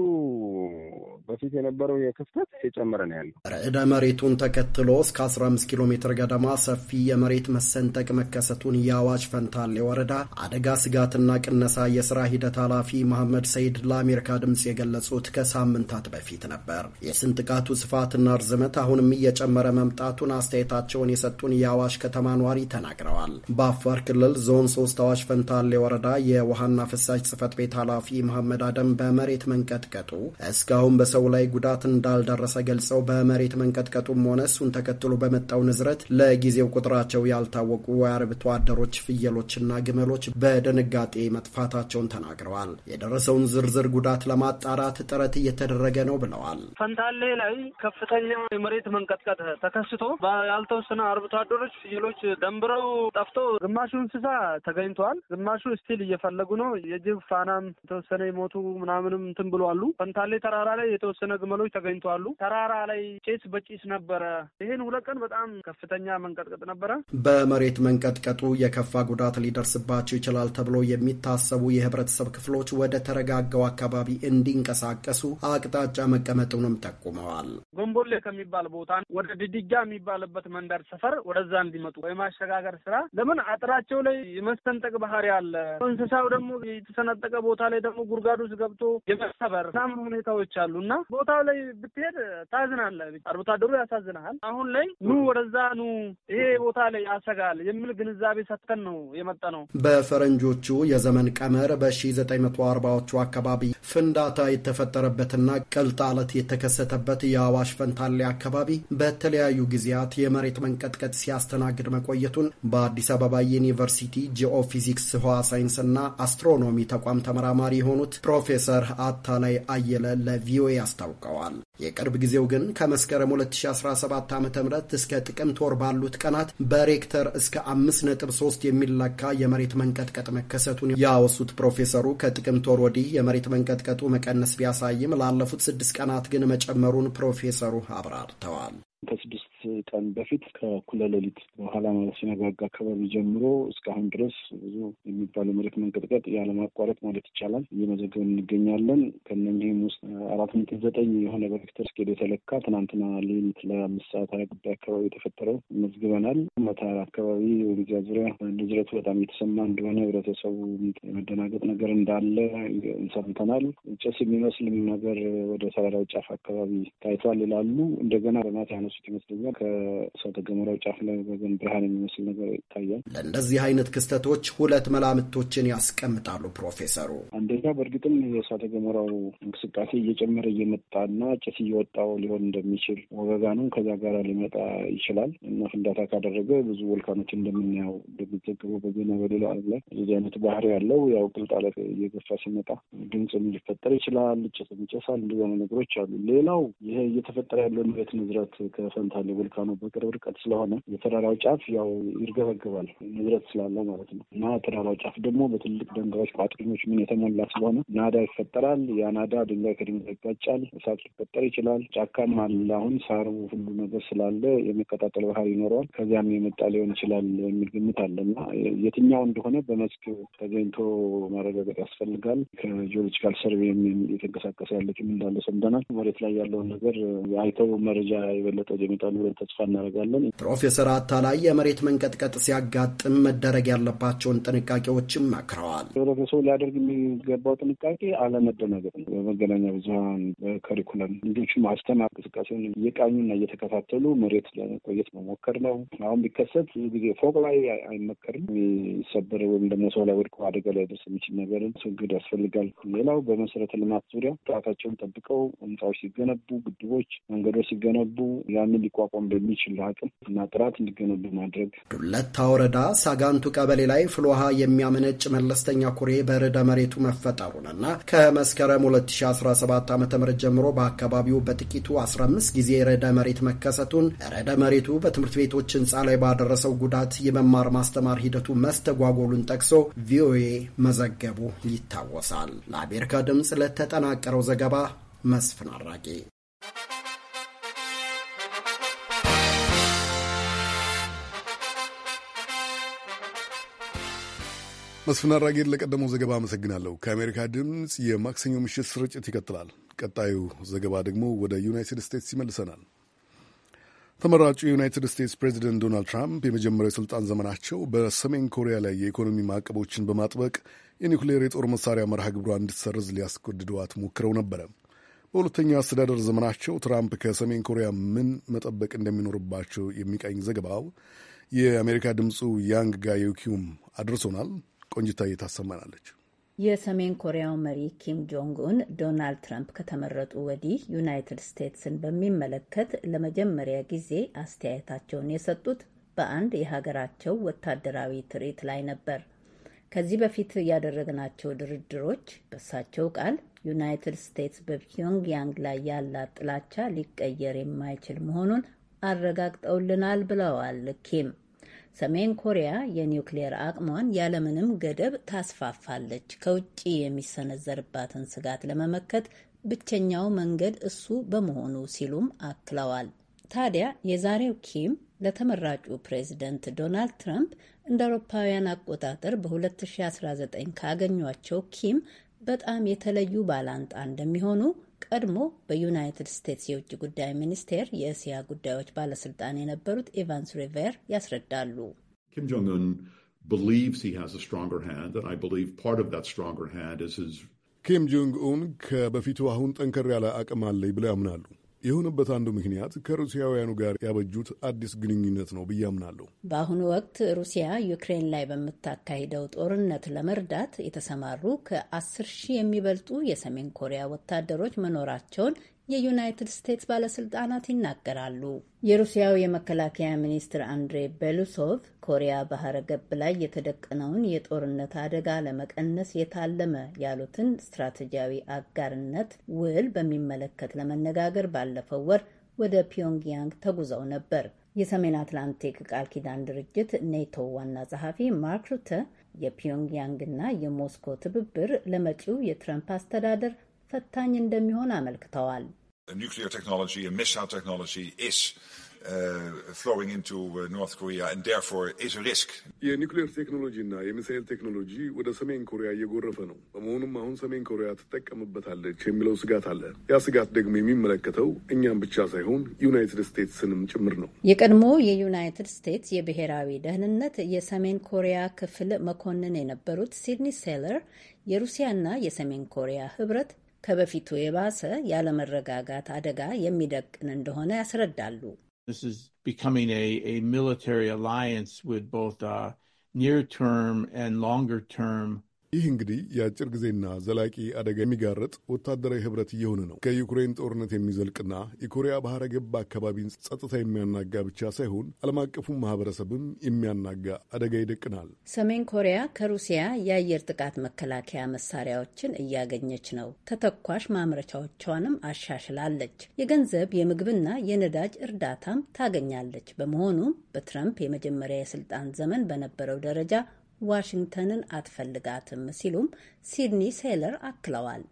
በፊት የነበረው የክፍተት የጨመረ ነው ያለው። ርዕደ መሬቱን ተከትሎ እስከ አስራ አምስት ኪሎ ሜትር ገደማ ሰፊ የመሬት መሰንጠቅ መከሰቱን የአዋጅ ፈንታሌ ወረዳ አደጋ ስጋትና ቅነሳ የስራ ሂደት ኃላፊ መሐመድ ሰይድ ለአሜሪካ ድምጽ የገለጹት ከሳምንታት በፊት ነበር። የስንጥቃቱ ስፋት ሙቀትና ርዝመት አሁንም እየጨመረ መምጣቱን አስተያየታቸውን የሰጡን የአዋሽ ከተማ ነዋሪ ተናግረዋል። በአፋር ክልል ዞን ሶስት አዋሽ ፈንታሌ ወረዳ የውሃና ፍሳሽ ጽህፈት ቤት ኃላፊ መሐመድ አደም በመሬት መንቀጥቀጡ እስካሁን በሰው ላይ ጉዳት እንዳልደረሰ ገልጸው በመሬት መንቀጥቀጡም ሆነ እሱን ተከትሎ በመጣው ንዝረት ለጊዜው ቁጥራቸው ያልታወቁ የአርብቶ አደሮች ፍየሎችና ግመሎች በድንጋጤ መጥፋታቸውን ተናግረዋል። የደረሰውን ዝርዝር ጉዳት ለማጣራት ጥረት እየተደረገ ነው ብለዋል። ፈንታሌ ላይ ከፍታ ከፍተኛ የመሬት መንቀጥቀጥ ተከስቶ ያልተወሰነ አርብቶ አደሮች ፍየሎች ደንብረው ጠፍቶ ግማሹ እንስሳ ተገኝተዋል፣ ግማሹ ስቲል እየፈለጉ ነው። የጅብ ፋናም የተወሰነ የሞቱ ምናምንም እንትን ብሏሉ። ፈንታሌ ተራራ ላይ የተወሰነ ግመሎች ተገኝተዋሉ። ተራራ ላይ ጭስ በጭስ ነበረ። ይህን ሁለት ቀን በጣም ከፍተኛ መንቀጥቀጥ ነበረ። በመሬት መንቀጥቀጡ የከፋ ጉዳት ሊደርስባቸው ይችላል ተብሎ የሚታሰቡ የህብረተሰብ ክፍሎች ወደ ተረጋጋው አካባቢ እንዲንቀሳቀሱ አቅጣጫ መቀመጡንም ጠቁመዋል። ቦሌ ከሚባል ቦታ ወደ ድድጃ የሚባልበት መንደር ሰፈር ወደዛ እንዲመጡ የማሸጋገር ስራ ለምን አጥራቸው ላይ የመሰንጠቅ ባህሪ አለ። እንስሳው ደግሞ የተሰነጠቀ ቦታ ላይ ደግሞ ጉድጓድ ገብቶ የመሰበር ምናምን ሁኔታዎች አሉ እና ቦታው ላይ ብትሄድ ታዝናለ። አርብቶ አደሩ ያሳዝናል። አሁን ላይ ኑ ወደዛ ኑ፣ ይሄ ቦታ ላይ ያሰጋል የሚል ግንዛቤ ሰጥተን ነው የመጣ ነው። በፈረንጆቹ የዘመን ቀመር በ1940ዎቹ አካባቢ ፍንዳታ የተፈጠረበትና ቀልጣለት የተከሰተበት የአዋሽ ፈን ፈንታሌ አካባቢ በተለያዩ ጊዜያት የመሬት መንቀጥቀጥ ሲያስተናግድ መቆየቱን በአዲስ አበባ ዩኒቨርሲቲ ጂኦፊዚክስ ህዋ ሳይንስና አስትሮኖሚ ተቋም ተመራማሪ የሆኑት ፕሮፌሰር አታላይ አየለ ለቪኦኤ አስታውቀዋል። የቅርብ ጊዜው ግን ከመስከረም 2017 ዓ ም እስከ ጥቅምት ወር ባሉት ቀናት በሬክተር እስከ 5.3 የሚለካ የመሬት መንቀጥቀጥ መከሰቱን ያወሱት ፕሮፌሰሩ ከጥቅምት ወር ወዲህ የመሬት መንቀጥቀጡ መቀነስ ቢያሳይም ላለፉት ስድስት ቀናት ግን መጨመሩን ፕሮፌሰሩ አብራርተዋል። ከስድስት ቀን በፊት ከእኩለ ሌሊት በኋላ ማለት ሲነጋጋ አካባቢ ጀምሮ እስካሁን ድረስ ብዙ የሚባል መሬት መንቀጥቀጥ ያለማቋረጥ ማለት ይቻላል እየመዘገብን እንገኛለን። ከነኚህም ውስጥ አራት ነጥብ ዘጠኝ የሆነ በሬክተር ስኬል የተለካ ትናንትና ሌሊት ለአምስት ሰዓት ሀያ ጉዳይ አካባቢ የተፈጠረው መዝግበናል። መታር አካባቢ ወደዚያ ዙሪያ ንዝረቱ በጣም የተሰማ እንደሆነ ህብረተሰቡ የመደናገጥ ነገር እንዳለ ሰምተናል። ጭስ የሚመስልም ነገር ወደ ተራራው ጫፍ አካባቢ ታይቷል ይላሉ። እንደገና በማታ ያነሱት ይመስለኛል ከእሳተ ገሞራው ጫፍ ላይ ወገን ብርሃን የሚመስል ነገር ይታያል። ለእንደዚህ አይነት ክስተቶች ሁለት መላምቶችን ያስቀምጣሉ ፕሮፌሰሩ። አንደኛ በእርግጥም የእሳተ ገሞራው እንቅስቃሴ እየጨመረ እየመጣና ጭስ እየወጣው ሊሆን እንደሚችል ወገጋኑም ከዛ ጋር ሊመጣ ይችላል እና ፍንዳታ ካደረገ ብዙ ወልካኖች እንደምናየው እንደሚዘግበው በዜና በሌላ ዓለም ላይ እዚህ አይነት ባህሪ ያለው ያው ቅልጣለት እየገፋ ሲመጣ ድምፅም ሊፈጠር ይችላል፣ ጭስም ይጨሳል። እንደዚ ነገሮች አሉ። ሌላው ይሄ እየተፈጠረ ያለው ቤት ንዝረት ከፈንታሌ ቮልካኖ በቅርብ ርቀት ስለሆነ የተራራው ጫፍ ያው ይርገበግባል ንብረት ስላለው ማለት ነው እና ተራራው ጫፍ ደግሞ በትልቅ ድንጋዮች ቋጥኞች ምን የተሞላ ስለሆነ ናዳ ይፈጠራል። ያ ናዳ ድንጋይ ከድንጋይ ይጋጫል። እሳት ሊፈጠር ይችላል። ጫካም አለ። አሁን ሳሩ ሁሉ ነገር ስላለ የመቀጣጠል ባህር ይኖረዋል። ከዚያም የመጣ ሊሆን ይችላል የሚል ግምት አለ እና የትኛው እንደሆነ በመስክ ተገኝቶ ማረጋገጥ ያስፈልጋል። ከጂኦሎጂካል ሰርቬይም የተንቀሳቀሰ ያለችም እንዳለ ሰምተናል። መሬት ላይ ያለውን ነገር አይተው መረጃ የበለጠ ይመጣሉ ተስፋ እናደርጋለን። ፕሮፌሰር አታላይ የመሬት መንቀጥቀጥ ሲያጋጥም መደረግ ያለባቸውን ጥንቃቄዎችም መክረዋል። ህብረተሰቡ ሊያደርግ የሚገባው ጥንቃቄ አለመደናገጥ ነው። በመገናኛ ብዙሀን በከሪኩለም ልጆቹ ማስተማር እንቅስቃሴውን እየቃኙና እየተከታተሉ መሬት ለመቆየት መሞከር ነው። አሁን ቢከሰት ብዙ ጊዜ ፎቅ ላይ አይመከርም። የሚሰበር ወይም ደግሞ ሰው ላይ ወድቆ አደጋ ላይ ደርስ የሚችል ነገርን ስግድ ያስፈልጋል። ሌላው በመሰረተ ልማት ዙሪያ ጥራታቸውን ጠብቀው ህንፃዎች ሲገነቡ፣ ግድቦች፣ መንገዶች ሲገነቡ ያንን ሊቋቋ መቋቋም በሚችል አቅም እና ጥራት እንዲገነቡ ማድረግ። ዱለታ ወረዳ ሳጋንቱ ቀበሌ ላይ ፍሎሃ የሚያመነጭ መለስተኛ ኩሬ በርዕደ መሬቱ መፈጠሩንና ከመስከረም 2017 ዓ ም ጀምሮ በአካባቢው በጥቂቱ 15 ጊዜ ርዕደ መሬት መከሰቱን፣ ርዕደ መሬቱ በትምህርት ቤቶች ህንፃ ላይ ባደረሰው ጉዳት የመማር ማስተማር ሂደቱ መስተጓጎሉን ጠቅሶ ቪኦኤ መዘገቡ ይታወሳል። ለአሜሪካ ድምፅ ለተጠናቀረው ዘገባ መስፍን አራጌ መስፍን አራጌን ለቀደመው ዘገባ አመሰግናለሁ። ከአሜሪካ ድምፅ የማክሰኞ ምሽት ስርጭት ይቀጥላል። ቀጣዩ ዘገባ ደግሞ ወደ ዩናይትድ ስቴትስ ይመልሰናል። ተመራጩ የዩናይትድ ስቴትስ ፕሬዚደንት ዶናልድ ትራምፕ የመጀመሪያው የሥልጣን ዘመናቸው በሰሜን ኮሪያ ላይ የኢኮኖሚ ማዕቀቦችን በማጥበቅ የኒውክሌር የጦር መሳሪያ መርሃ ግብሯ እንድትሰርዝ ሊያስገድዷት ሞክረው ነበረ። በሁለተኛው አስተዳደር ዘመናቸው ትራምፕ ከሰሜን ኮሪያ ምን መጠበቅ እንደሚኖርባቸው የሚቃኝ ዘገባው የአሜሪካ ድምፁ ያንግ ጋዮኪዩም አድርሶናል። ቆንጅታዬ እየታሰማናለች። የሰሜን ኮሪያው መሪ ኪም ጆንግ ኡን ዶናልድ ትራምፕ ከተመረጡ ወዲህ ዩናይትድ ስቴትስን በሚመለከት ለመጀመሪያ ጊዜ አስተያየታቸውን የሰጡት በአንድ የሀገራቸው ወታደራዊ ትርኢት ላይ ነበር። ከዚህ በፊት ያደረግናቸው ድርድሮች በሳቸው ቃል ዩናይትድ ስቴትስ በፒዮንግያንግ ላይ ያላት ጥላቻ ሊቀየር የማይችል መሆኑን አረጋግጠውልናል ብለዋል ኪም ሰሜን ኮሪያ የኒውክሌር አቅሟን ያለምንም ገደብ ታስፋፋለች። ከውጭ የሚሰነዘርባትን ስጋት ለመመከት ብቸኛው መንገድ እሱ በመሆኑ ሲሉም አክለዋል። ታዲያ የዛሬው ኪም ለተመራጩ ፕሬዝደንት ዶናልድ ትራምፕ እንደ አውሮፓውያን አቆጣጠር በ2019 ካገኟቸው ኪም በጣም የተለዩ ባላንጣ እንደሚሆኑ ቀድሞ በዩናይትድ ስቴትስ የውጭ ጉዳይ ሚኒስቴር የእስያ ጉዳዮች ባለስልጣን የነበሩት ኤቫንስ ሪቨር ያስረዳሉ። ኪም ጆንግ ኡን ኪም ጆንግ ኡን ከበፊቱ አሁን ጠንከር ያለ አቅም አለኝ ብለው ያምናሉ። የሆነበት አንዱ ምክንያት ከሩሲያውያኑ ጋር ያበጁት አዲስ ግንኙነት ነው ብዬ አምናለሁ። በአሁኑ ወቅት ሩሲያ ዩክሬን ላይ በምታካሂደው ጦርነት ለመርዳት የተሰማሩ ከአስር ሺህ የሚበልጡ የሰሜን ኮሪያ ወታደሮች መኖራቸውን የዩናይትድ ስቴትስ ባለስልጣናት ይናገራሉ። የሩሲያው የመከላከያ ሚኒስትር አንድሬ ቤሉሶቭ ኮሪያ ባህረ ገብ ላይ የተደቀነውን የጦርነት አደጋ ለመቀነስ የታለመ ያሉትን ስትራቴጂያዊ አጋርነት ውል በሚመለከት ለመነጋገር ባለፈው ወር ወደ ፒዮንግያንግ ተጉዘው ነበር። የሰሜን አትላንቲክ ቃል ኪዳን ድርጅት ኔቶ ዋና ጸሐፊ ማርክ ሩተ የፒዮንግያንግና የሞስኮ ትብብር ለመጪው የትረምፕ አስተዳደር ፈታኝ እንደሚሆን አመልክተዋል። ኒክሌር ቴክኖሎጂ ሚሳይል ቴክኖሎጂ Uh, flowing into uh, North Korea and therefore is a risk. የኒውክሌር ቴክኖሎጂ እና የሚሳኤል ቴክኖሎጂ ወደ ሰሜን ኮሪያ እየጎረፈ ነው። በመሆኑም አሁን ሰሜን ኮሪያ ትጠቀምበታለች የሚለው ስጋት አለ። ያ ስጋት ደግሞ የሚመለከተው እኛም ብቻ ሳይሆን ዩናይትድ ስቴትስንም ጭምር ነው። የቀድሞ የዩናይትድ ስቴትስ የብሔራዊ ደህንነት የሰሜን ኮሪያ ክፍል መኮንን የነበሩት ሲድኒ ሴለር የሩሲያና የሰሜን ኮሪያ ህብረት ከበፊቱ የባሰ ያለመረጋጋት አደጋ የሚደቅን እንደሆነ ያስረዳሉ። This is becoming a military alliance with both uh, near-term and longer-term ይህ እንግዲህ የአጭር ጊዜና ዘላቂ አደጋ የሚጋርጥ ወታደራዊ ህብረት እየሆነ ነው። ከዩክሬን ጦርነት የሚዘልቅና የኮሪያ ባህረ ገብ አካባቢን ጸጥታ የሚያናጋ ብቻ ሳይሆን ዓለም አቀፉን ማህበረሰብም የሚያናጋ አደጋ ይደቅናል። ሰሜን ኮሪያ ከሩሲያ የአየር ጥቃት መከላከያ መሳሪያዎችን እያገኘች ነው። ተተኳሽ ማምረቻዎቿንም አሻሽላለች። የገንዘብ የምግብና የነዳጅ እርዳታም ታገኛለች። በመሆኑም በትራምፕ የመጀመሪያ የስልጣን ዘመን በነበረው ደረጃ ዋሽንግተንን አትፈልጋትም ሲሉም ሲድኒ ሴለር አክለዋል።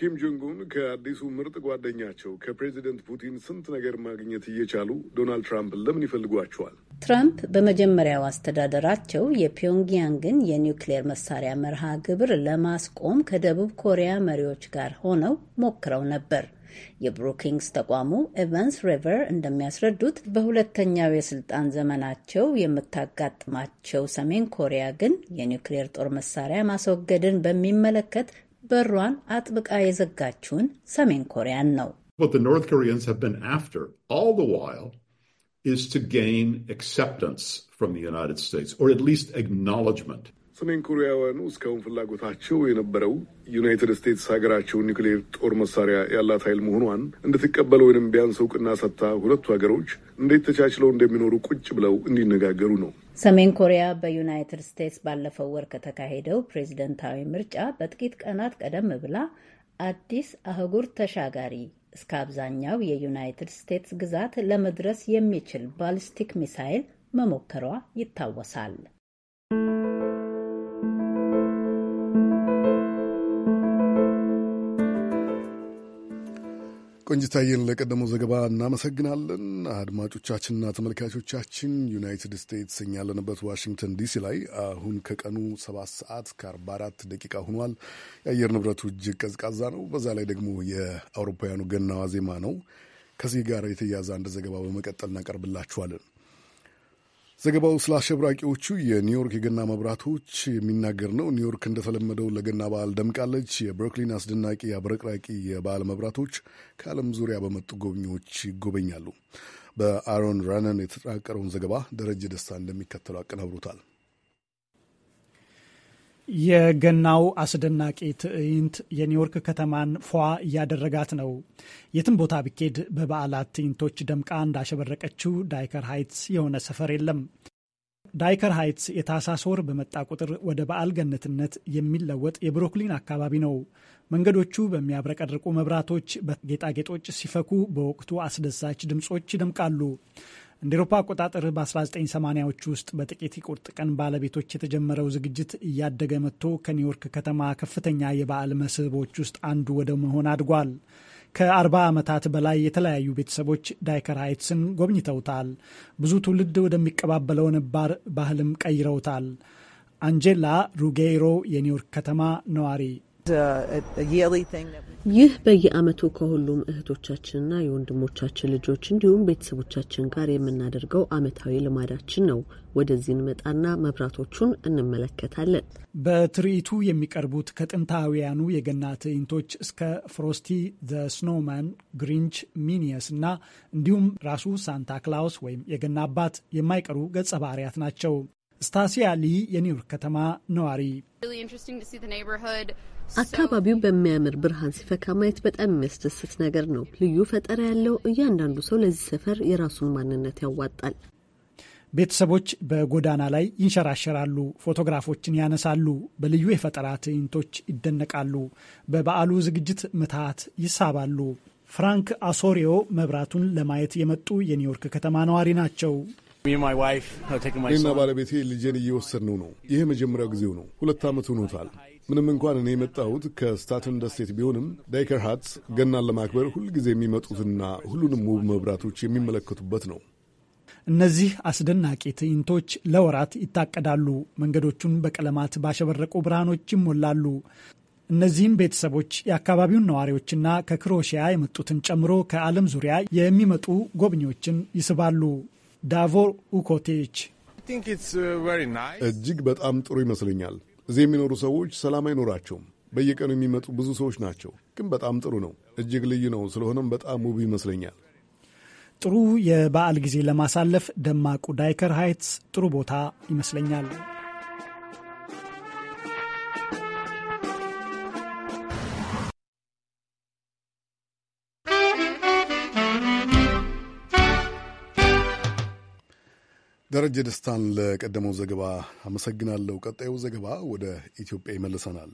ኪም ጆንግ ኡን ከአዲሱ ምርጥ ጓደኛቸው ከፕሬዚደንት ፑቲን ስንት ነገር ማግኘት እየቻሉ ዶናልድ ትራምፕ ለምን ይፈልጓቸዋል? ትራምፕ በመጀመሪያው አስተዳደራቸው የፒዮንግያንግን የኒውክሌር መሳሪያ መርሃ ግብር ለማስቆም ከደቡብ ኮሪያ መሪዎች ጋር ሆነው ሞክረው ነበር። የብሩኪንግስ ተቋሙ ኤቫንስ ሬቨር እንደሚያስረዱት በሁለተኛው የስልጣን ዘመናቸው የምታጋጥማቸው ሰሜን ኮሪያ ግን የኒውክሌር ጦር መሳሪያ ማስወገድን በሚመለከት በሯን አጥብቃ የዘጋችውን ሰሜን ኮሪያን ነው። is to gain acceptance from the United States, or at least acknowledgement. ሰሜን ኮሪያውያኑ እስካሁን ፍላጎታቸው የነበረው ዩናይትድ ስቴትስ ሀገራቸው ኒውክሌር ጦር መሳሪያ ያላት ኃይል መሆኗን እንድትቀበል ወይንም ቢያንስ እውቅና ሰጥታ ሁለቱ ሀገሮች እንዴት ተቻችለው እንደሚኖሩ ቁጭ ብለው እንዲነጋገሩ ነው። ሰሜን ኮሪያ በዩናይትድ ስቴትስ ባለፈው ወር ከተካሄደው ፕሬዚደንታዊ ምርጫ በጥቂት ቀናት ቀደም ብላ አዲስ አህጉር ተሻጋሪ እስከ አብዛኛው የዩናይትድ ስቴትስ ግዛት ለመድረስ የሚችል ባሊስቲክ ሚሳይል መሞከሯ ይታወሳል። ቆንጅታዬን ለቀደመው ዘገባ እናመሰግናለን። አድማጮቻችንና ተመልካቾቻችን ዩናይትድ ስቴትስ እኛ ያለንበት ዋሽንግተን ዲሲ ላይ አሁን ከቀኑ ሰባት ሰዓት ከአርባ አራት ደቂቃ ሆኗል። የአየር ንብረቱ እጅግ ቀዝቃዛ ነው። በዛ ላይ ደግሞ የአውሮፓውያኑ ገና ዋዜማ ነው። ከዚህ ጋር የተያያዘ አንድ ዘገባ በመቀጠል እናቀርብላችኋለን። ዘገባው ስለ አሸብራቂዎቹ የኒውዮርክ የገና መብራቶች የሚናገር ነው። ኒውዮርክ እንደተለመደው ለገና በዓል ደምቃለች። የብሩክሊን አስደናቂ አብረቅራቂ የበዓል መብራቶች ከዓለም ዙሪያ በመጡ ጎብኚዎች ይጎበኛሉ። በአሮን ራነን የተጠናቀረውን ዘገባ ደረጀ ደስታ እንደሚከተለው አቀናብሮታል። የገናው አስደናቂ ትዕይንት የኒውዮርክ ከተማን ፏ እያደረጋት ነው። የትም ቦታ ብኬድ በበዓላት ትዕይንቶች ደምቃ እንዳሸበረቀችው ዳይከር ሃይትስ የሆነ ሰፈር የለም። ዳይከር ሃይትስ የታህሳስ ወር በመጣ ቁጥር ወደ በዓል ገነትነት የሚለወጥ የብሮክሊን አካባቢ ነው። መንገዶቹ በሚያብረቀርቁ መብራቶች፣ በጌጣጌጦች ሲፈኩ፣ በወቅቱ አስደሳች ድምጾች ይደምቃሉ። እንደ ኤሮፓ አቆጣጠር በ 1980 ዎቹ ውስጥ በጥቂት ቁርጥ ቀን ባለቤቶች የተጀመረው ዝግጅት እያደገ መጥቶ ከኒውዮርክ ከተማ ከፍተኛ የበዓል መስህቦች ውስጥ አንዱ ወደ መሆን አድጓል። ከ40 ዓመታት በላይ የተለያዩ ቤተሰቦች ዳይከር ሃይትስን ጎብኝተውታል። ብዙ ትውልድ ወደሚቀባበለው ነባር ባህልም ቀይረውታል። አንጄላ ሩጌይሮ የኒውዮርክ ከተማ ነዋሪ uh, ይህ በየዓመቱ ከሁሉም እህቶቻችንና የወንድሞቻችን ልጆች እንዲሁም ቤተሰቦቻችን ጋር የምናደርገው አመታዊ ልማዳችን ነው። ወደዚህ እንመጣና መብራቶቹን እንመለከታለን። በትርኢቱ የሚቀርቡት ከጥንታውያኑ የገና ትዕይንቶች እስከ ፍሮስቲ ዘ ስኖውማን፣ ግሪንች፣ ሚኒየስ እና እንዲሁም ራሱ ሳንታ ክላውስ ወይም የገና አባት የማይቀሩ ገጸ ባህርያት ናቸው። ስታሲያ ሊ የኒውዮርክ ከተማ ነዋሪ አካባቢው በሚያምር ብርሃን ሲፈካ ማየት በጣም የሚያስደስት ነገር ነው። ልዩ ፈጠራ ያለው እያንዳንዱ ሰው ለዚህ ሰፈር የራሱን ማንነት ያዋጣል። ቤተሰቦች በጎዳና ላይ ይንሸራሸራሉ፣ ፎቶግራፎችን ያነሳሉ፣ በልዩ የፈጠራ ትዕይንቶች ይደነቃሉ፣ በበዓሉ ዝግጅት ምትሃት ይሳባሉ። ፍራንክ አሶሪዮ መብራቱን ለማየት የመጡ የኒውዮርክ ከተማ ነዋሪ ናቸው። እኔና ባለቤቴ ልጄን እየወሰድነው ነው። ይህ መጀመሪያው ጊዜው ነው። ሁለት ዓመት ሆኖታል። ምንም እንኳን እኔ የመጣሁት ከስታትን ደስቴት ቢሆንም ዳይከር ሃትስ ገናን ለማክበር ሁልጊዜ የሚመጡትና ሁሉንም ውብ መብራቶች የሚመለከቱበት ነው። እነዚህ አስደናቂ ትዕይንቶች ለወራት ይታቀዳሉ። መንገዶቹን በቀለማት ባሸበረቁ ብርሃኖች ይሞላሉ። እነዚህም ቤተሰቦች የአካባቢውን ነዋሪዎችና ከክሮሽያ የመጡትን ጨምሮ ከዓለም ዙሪያ የሚመጡ ጎብኚዎችን ይስባሉ። ዳቮር ኡኮቴች uh, እጅግ በጣም ጥሩ ይመስለኛል። እዚህ የሚኖሩ ሰዎች ሰላም አይኖራቸውም። በየቀኑ የሚመጡ ብዙ ሰዎች ናቸው፣ ግን በጣም ጥሩ ነው። እጅግ ልዩ ነው። ስለሆነም በጣም ውብ ይመስለኛል። ጥሩ የበዓል ጊዜ ለማሳለፍ ደማቁ ዳይከር ሃይትስ ጥሩ ቦታ ይመስለኛል። ደረጀ ደስታን ለቀደመው ዘገባ አመሰግናለሁ። ቀጣዩ ዘገባ ወደ ኢትዮጵያ ይመልሰናል።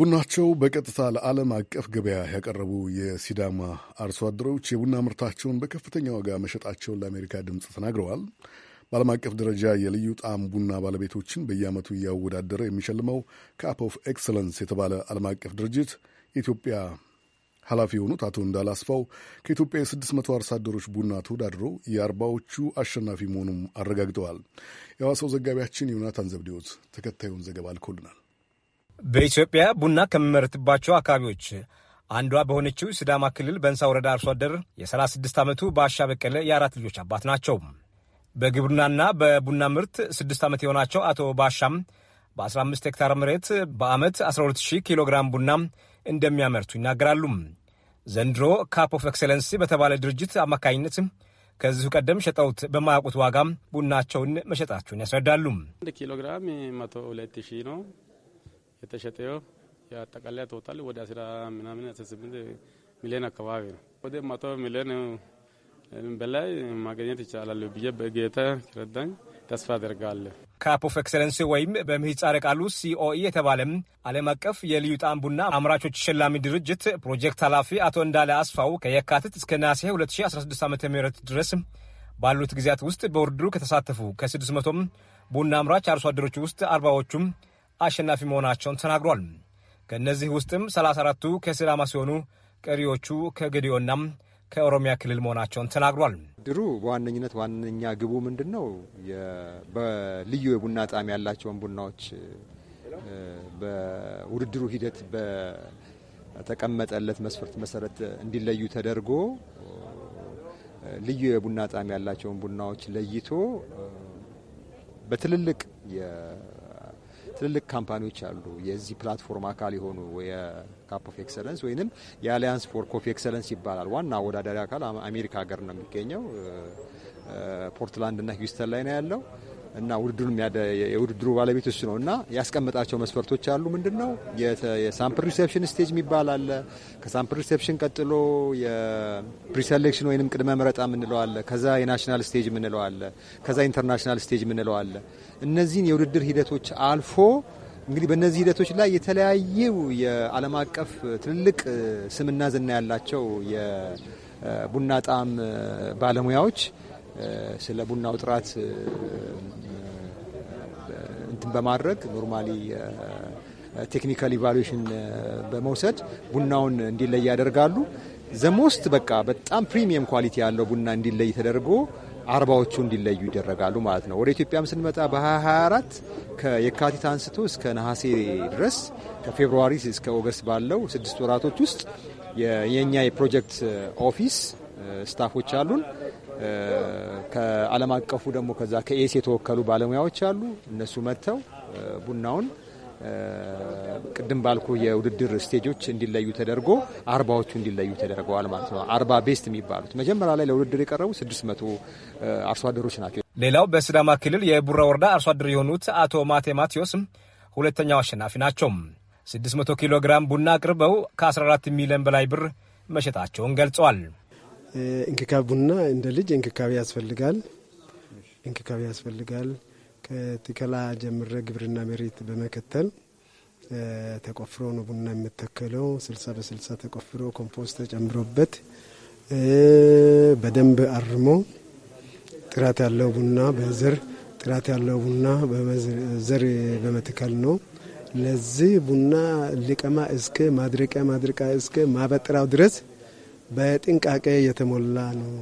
ቡናቸው በቀጥታ ለዓለም አቀፍ ገበያ ያቀረቡ የሲዳማ አርሶ አደሮች የቡና ምርታቸውን በከፍተኛ ዋጋ መሸጣቸውን ለአሜሪካ ድምፅ ተናግረዋል። በዓለም አቀፍ ደረጃ የልዩ ጣዕም ቡና ባለቤቶችን በየዓመቱ እያወዳደረ የሚሸልመው ካፕ ኦፍ ኤክሰለንስ የተባለ ዓለም አቀፍ ድርጅት የኢትዮጵያ ኃላፊ የሆኑት አቶ እንዳላስፋው ከኢትዮጵያ የ መቶ አርሶ አደሮች ቡና ተወዳድሮ የአርባዎቹ አሸናፊ መሆኑም አረጋግጠዋል። የሐዋሳው ዘጋቢያችን ዮናታን ዘብዴዎት ተከታዩን ዘገባ አልኮልናል። በኢትዮጵያ ቡና ከሚመረትባቸው አካባቢዎች አንዷ በሆነችው ሲዳማ ክልል በእንሳ ወረዳ አርሶ አደር የ36 ዓመቱ በአሻ በቀለ የአራት ልጆች አባት ናቸው። በግብርናና በቡና ምርት ስድስት ዓመት የሆናቸው አቶ ባሻም በ15 ሄክታር መሬት በዓመት 120 ኪሎ ግራም ቡና እንደሚያመርቱ ይናገራሉ። ዘንድሮ ካፕ ኦፍ ኤክሰለንስ በተባለ ድርጅት አማካኝነት ከዚሁ ቀደም ሸጠውት በማያውቁት ዋጋ ቡናቸውን መሸጣቸውን ያስረዳሉ። አንድ ኪሎ ግራም መቶ ሁለት ሺ ነው የተሸጠው። የአጠቃላይ ቶታል ወደ አስራ ምናምን አስራ ስምንት ሚሊዮን አካባቢ ነው። ወደ መቶ ሚሊዮን በላይ ማግኘት ይቻላል ብዬ በጌታ ረዳኝ ተስፋ አደርጋለሁ። ካፕ ኦፍ ኤክሰለንስ ወይም በምህጻረ ቃሉ ሲኦኢ የተባለም ዓለም አቀፍ የልዩ ጣዕም ቡና አምራቾች ሸላሚ ድርጅት ፕሮጀክት ኃላፊ አቶ እንዳለ አስፋው ከየካቲት እስከ ነሐሴ 2016 ዓ ም ድረስ ባሉት ጊዜያት ውስጥ በውድድሩ ከተሳተፉ ከ600 ቡና አምራች አርሶ አደሮች ውስጥ አርባዎቹም አሸናፊ መሆናቸውን ተናግሯል። ከእነዚህ ውስጥም 34ቱ ከሲዳማ ሲሆኑ ቀሪዎቹ ከገዲዮናም ከኦሮሚያ ክልል መሆናቸውን ተናግሯል። ድሩ በዋነኝነት ዋነኛ ግቡ ምንድን ነው? በልዩ የቡና ጣዕም ያላቸውን ቡናዎች በውድድሩ ሂደት በተቀመጠለት መስፈርት መሰረት እንዲለዩ ተደርጎ ልዩ የቡና ጣዕም ያላቸውን ቡናዎች ለይቶ በትልልቅ ትልልቅ ካምፓኒዎች አሉ። የዚህ ፕላትፎርም አካል የሆኑ የካፕ ኦፍ ኤክሰለንስ ወይም የአሊያንስ ፎር ኮፊ ኤክሰለንስ ይባላል። ዋና አወዳዳሪ አካል አሜሪካ ሀገር ነው የሚገኘው። ፖርትላንድና ሂውስተን ላይ ነው ያለው። እና ውድድሩን የውድድሩ ባለቤት እሱ ነው እና ያስቀመጣቸው መስፈርቶች አሉ። ምንድን ነው የሳምፕል ሪሴፕሽን ስቴጅ የሚባል አለ። ከሳምፕል ሪሴፕሽን ቀጥሎ የፕሪሴሌክሽን ወይም ቅድመ መረጣ የምንለው አለ። ከዛ የናሽናል ስቴጅ የምንለው አለ። ከዛ ኢንተርናሽናል ስቴጅ የምንለው አለ። እነዚህን የውድድር ሂደቶች አልፎ እንግዲህ በእነዚህ ሂደቶች ላይ የተለያዩ የዓለም አቀፍ ትልልቅ ስምና ዝና ያላቸው የቡና ጣዕም ባለሙያዎች ስለ ቡናው ጥራት እንትን በማድረግ ኖርማሊ ቴክኒካል ኢቫሉዌሽን በመውሰድ ቡናውን እንዲለይ ያደርጋሉ። ዘሞስት በቃ በጣም ፕሪሚየም ኳሊቲ ያለው ቡና እንዲለይ ተደርጎ አርባዎቹ እንዲለዩ ይደረጋሉ ማለት ነው። ወደ ኢትዮጵያም ስንመጣ በ2024 ከየካቲት አንስቶ እስከ ነሐሴ ድረስ ከፌብርዋሪ እስከ ኦገስት ባለው ስድስት ወራቶች ውስጥ የእኛ የፕሮጀክት ኦፊስ ስታፎች አሉን ከዓለም አቀፉ ደግሞ ከዛ ከኤስ የተወከሉ ባለሙያዎች አሉ። እነሱ መጥተው ቡናውን ቅድም ባልኩ የውድድር ስቴጆች እንዲለዩ ተደርጎ አርባዎቹ እንዲለዩ ተደርገዋል ማለት ነው። አርባ ቤስት የሚባሉት መጀመሪያ ላይ ለውድድር የቀረቡ ስድስት መቶ አርሶ አደሮች ናቸው። ሌላው በስዳማ ክልል የቡራ ወረዳ አርሶ አደር የሆኑት አቶ ማቴ ማቴዎስ ሁለተኛው አሸናፊ ናቸው። 600 ኪሎ ግራም ቡና አቅርበው ከ14 ሚሊዮን በላይ ብር መሸጣቸውን ገልጸዋል። እንክካብ ቡና እንደ ልጅ እንክካቤ ያስፈልጋል። እንክካቤ ያስፈልጋል። ከትከላ ጀምረ ግብርና መሬት በመከተል ተቆፍሮ ነው ቡና የምተከለው ስልሳ በስልሳ ተቆፍሮ ኮምፖስት ተጨምሮበት በደንብ አርሞ ጥራት ያለው ቡና በዘር ጥራት ያለው ቡና ዘር በመትከል ነው። ለዚህ ቡና ሊቀማ እስከ ማድረቂያ ማድረቂያ እስከ ማበጠራው ድረስ በጥንቃቄ የተሞላ ነው።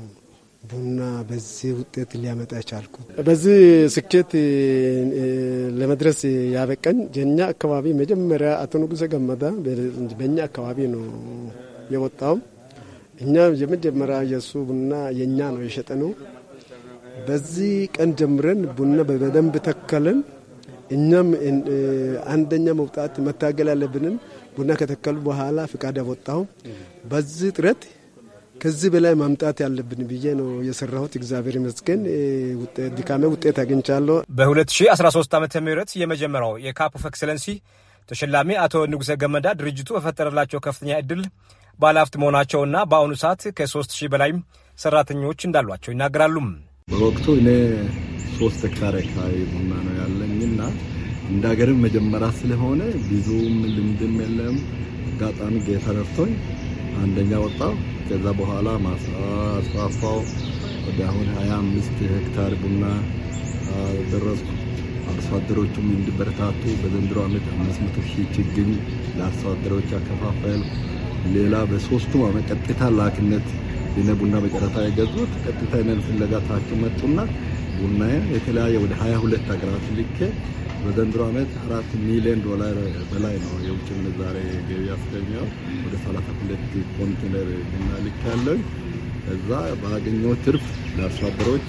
ቡና በዚህ ውጤት ሊያመጣ ቻልኩ። በዚህ ስኬት ለመድረስ ያበቀኝ የኛ አካባቢ መጀመሪያ አቶ ንጉሰ ገመዳ በእኛ አካባቢ ነው የወጣው። እኛ የመጀመሪያ የእሱ ቡና የእኛ ነው የሸጠ ነው። በዚህ ቀን ጀምረን ቡና በደንብ ተከልን። እኛም አንደኛ መውጣት መታገል ያለብንን ቡና ከተከሉ በኋላ ፍቃድ ያወጣው በዚህ ጥረት ከዚህ በላይ ማምጣት ያለብን ብዬ ነው የሰራሁት። እግዚአብሔር ይመስገን ድካሜ ውጤት አግኝቻለሁ። በ2013 ዓ ም የመጀመሪያው የካፕ ኦፍ ኤክሰለንሲ ተሸላሚ አቶ ንጉሰ ገመዳ ድርጅቱ በፈጠረላቸው ከፍተኛ እድል ባለሀብት መሆናቸውና በአሁኑ ሰዓት ከ 3000 በላይ ሰራተኞች እንዳሏቸው ይናገራሉ። በወቅቱ እኔ ሶስት ሄክታር አካባቢ ቡና ነው ያለኝና እንደ ሀገርም መጀመሪያ ስለሆነ ብዙም ልምድም የለም። አጋጣሚ ጌታ ረድቶኝ አንደኛ ወጣ። ከዛ በኋላ ማስፋፋው ወደ አሁን 25 ሄክታር ቡና ደረስኩ። አርሶ አደሮቹም እንዲበረታቱ በዘንድሮ ዓመት 500 ሺህ ችግኝ ለአርሶ አደሮች አከፋፈል። ሌላ በሶስቱ ዓመት ቀጥታ ላክነት የነ ቡና በጨረታ የገዙት ቀጥታ የነን ፍለጋ ታች መጡና ቡናዬን የተለያየ ወደ 22 ሀገራት ልኬ በዘንድሮ ዓመት አራት ሚሊዮን ዶላር በላይ ነው የውጭ ምንዛሬ ገቢ ያስገኘው። ወደ 32 ኮንቴነር ቡና ልክ ያለው ከዛ በአገኘው ትርፍ ለአርሶ አደሮች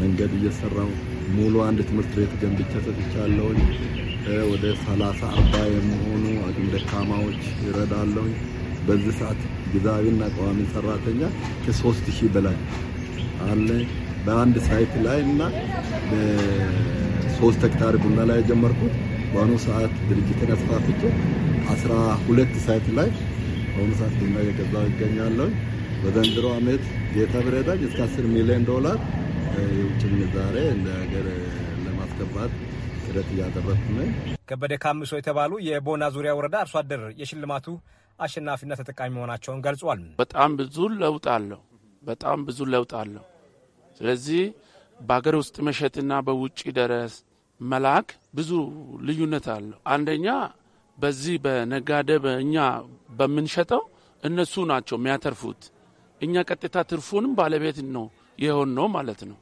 መንገድ እየሰራው ሙሉ አንድ ትምህርት ቤት ገንብቼ ሰጥቻለሁኝ። ወደ 30 40 የሚሆኑ አቅመ ደካማዎች ይረዳለሁኝ። በዚህ ሰዓት ግዛቢና ቋሚ ሰራተኛ ከ3000 በላይ አለ። በአንድ ሳይት ላይ እና በሶስት ሄክታር ቡና ላይ የጀመርኩት በአሁኑ ሰዓት ድርጅትን አስፋፍቼ አስራ ሁለት ሳይት ላይ በአሁኑ ሰዓት ቡና እየገዛሁ ይገኛለሁ። በዘንድሮ ዓመት ጌታ ቢረዳኝ እስከ አስር ሚሊዮን ዶላር የውጭ ምንዛሬ እንደ ሀገር ለማስገባት ጥረት እያደረግኩ ነኝ። ከበደ ካምሶ የተባሉ የቦና ዙሪያ ወረዳ አርሶ አደር የሽልማቱ አሸናፊና ተጠቃሚ መሆናቸውን ገልጿል። በጣም ብዙ ለውጥ አለው። በጣም ብዙ ለውጥ አለው። ስለዚህ በሀገር ውስጥ መሸጥና በውጭ ድረስ መላክ ብዙ ልዩነት አለው። አንደኛ በዚህ በነጋዴ በእኛ በምንሸጠው እነሱ ናቸው የሚያተርፉት፣ እኛ ቀጥታ ትርፉንም ባለቤት ነው የሆን ነው ማለት ነው።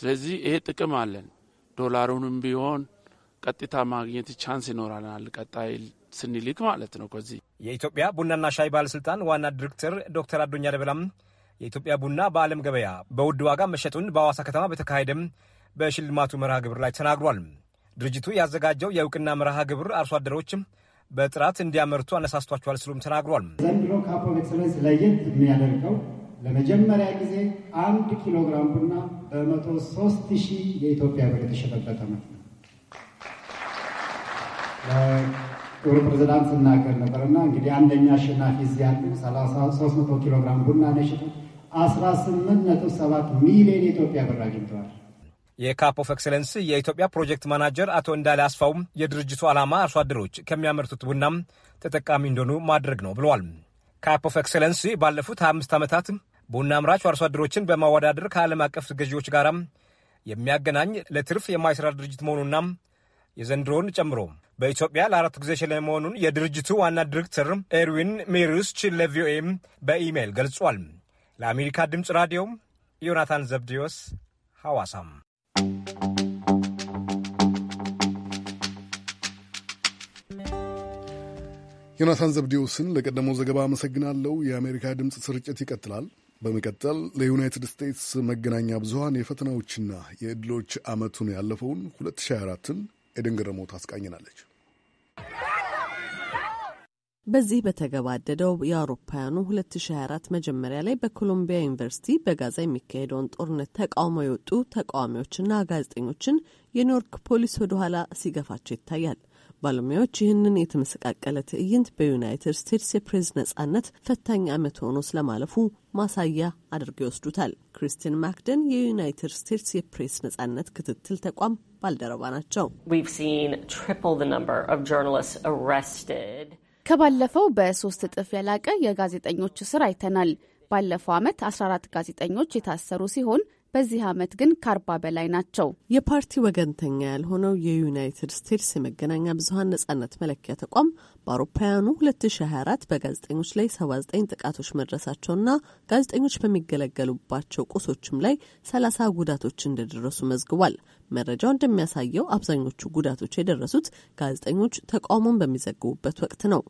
ስለዚህ ይሄ ጥቅም አለን። ዶላሩንም ቢሆን ቀጥታ ማግኘት ቻንስ ይኖራል ቀጣይ ስንልክ ማለት ነው። ከዚህ የኢትዮጵያ ቡናና ሻይ ባለስልጣን ዋና ዲሬክተር ዶክተር አዱኛ ደበላም የኢትዮጵያ ቡና በዓለም ገበያ በውድ ዋጋ መሸጡን በአዋሳ ከተማ በተካሄደም በሽልማቱ መርሃ ግብር ላይ ተናግሯል። ድርጅቱ ያዘጋጀው የእውቅና መርሃ ግብር አርሶ አደሮች በጥራት እንዲያመርቱ አነሳስቷቸዋል ሲሉም ተናግሯል። ዘንድሮ ካፕ ኦፍ ኤክሰለንስ ለየት የሚያደርገው ለመጀመሪያ ጊዜ አንድ ኪሎ ግራም ቡና በመቶ ሶስት ሺህ የኢትዮጵያ ብር የተሸጠበት ዓመት ነው። ክቡር ፕሬዚዳንት ስናገር ነበርና እንግዲህ አንደኛ አሸናፊ እዚህ ያሉ መቶ ኪሎ ግራም ቡና ነው የሸጡት። 18.7 ሚሊዮን የኢትዮጵያ ብር አግኝተዋል። የካፕ ኦፍ ኤክሰለንስ የኢትዮጵያ ፕሮጀክት ማናጀር አቶ እንዳለ አስፋው የድርጅቱ ዓላማ አርሶ አደሮች ከሚያመርቱት ቡናም ተጠቃሚ እንደሆኑ ማድረግ ነው ብለዋል። ካፕ ኦፍ ኤክሰለንስ ባለፉት አምስት ዓመታት ቡና አምራች አርሶ አደሮችን በማወዳደር ከዓለም አቀፍ ገዢዎች ጋር የሚያገናኝ ለትርፍ የማይሰራ ድርጅት መሆኑና የዘንድሮውን ጨምሮ በኢትዮጵያ ለአራት ጊዜ የሸለመ መሆኑን የድርጅቱ ዋና ዲሬክተር ኤርዊን ሜሪስች ለቪኦኤም በኢሜይል ገልጿል። ለአሜሪካ ድምፅ ራዲዮም ዮናታን ዘብዲዮስ ሐዋሳም። ዮናታን ዘብዲዮስን ለቀደመው ዘገባ አመሰግናለሁ። የአሜሪካ ድምፅ ስርጭት ይቀጥላል። በመቀጠል ለዩናይትድ ስቴትስ መገናኛ ብዙሀን የፈተናዎችና የዕድሎች አመቱን ያለፈውን 2024ን ኤደን ገረመው ታስቃኝናለች። በዚህ በተገባደደው የአውሮፓውያኑ 2024 መጀመሪያ ላይ በኮሎምቢያ ዩኒቨርሲቲ በጋዛ የሚካሄደውን ጦርነት ተቃውመው የወጡ ተቃዋሚዎችና ጋዜጠኞችን የኒውዮርክ ፖሊስ ወደ ኋላ ሲገፋቸው ይታያል። ባለሙያዎች ይህንን የተመሰቃቀለ ትዕይንት በዩናይትድ ስቴትስ የፕሬስ ነጻነት ፈታኝ ዓመት ሆኖ ስለማለፉ ማሳያ አድርገው ይወስዱታል። ክሪስቲን ማክደን የዩናይትድ ስቴትስ የፕሬስ ነጻነት ክትትል ተቋም ባልደረባ ናቸው። ከባለፈው በሶስት እጥፍ የላቀ የጋዜጠኞች እስር አይተናል። ባለፈው ዓመት 14 ጋዜጠኞች የታሰሩ ሲሆን በዚህ ዓመት ግን ከአርባ በላይ ናቸው። የፓርቲ ወገንተኛ ያልሆነው የዩናይትድ ስቴትስ የመገናኛ ብዙኃን ነጻነት መለኪያ ተቋም በአውሮፓውያኑ 2024 በጋዜጠኞች ላይ 79 ጥቃቶች መድረሳቸውና ጋዜጠኞች በሚገለገሉባቸው ቁሶችም ላይ 30 ጉዳቶች እንደደረሱ መዝግቧል። መረጃው እንደሚያሳየው አብዛኞቹ ጉዳቶች የደረሱት ጋዜጠኞች ተቃውሞን በሚዘግቡበት ወቅት ነው።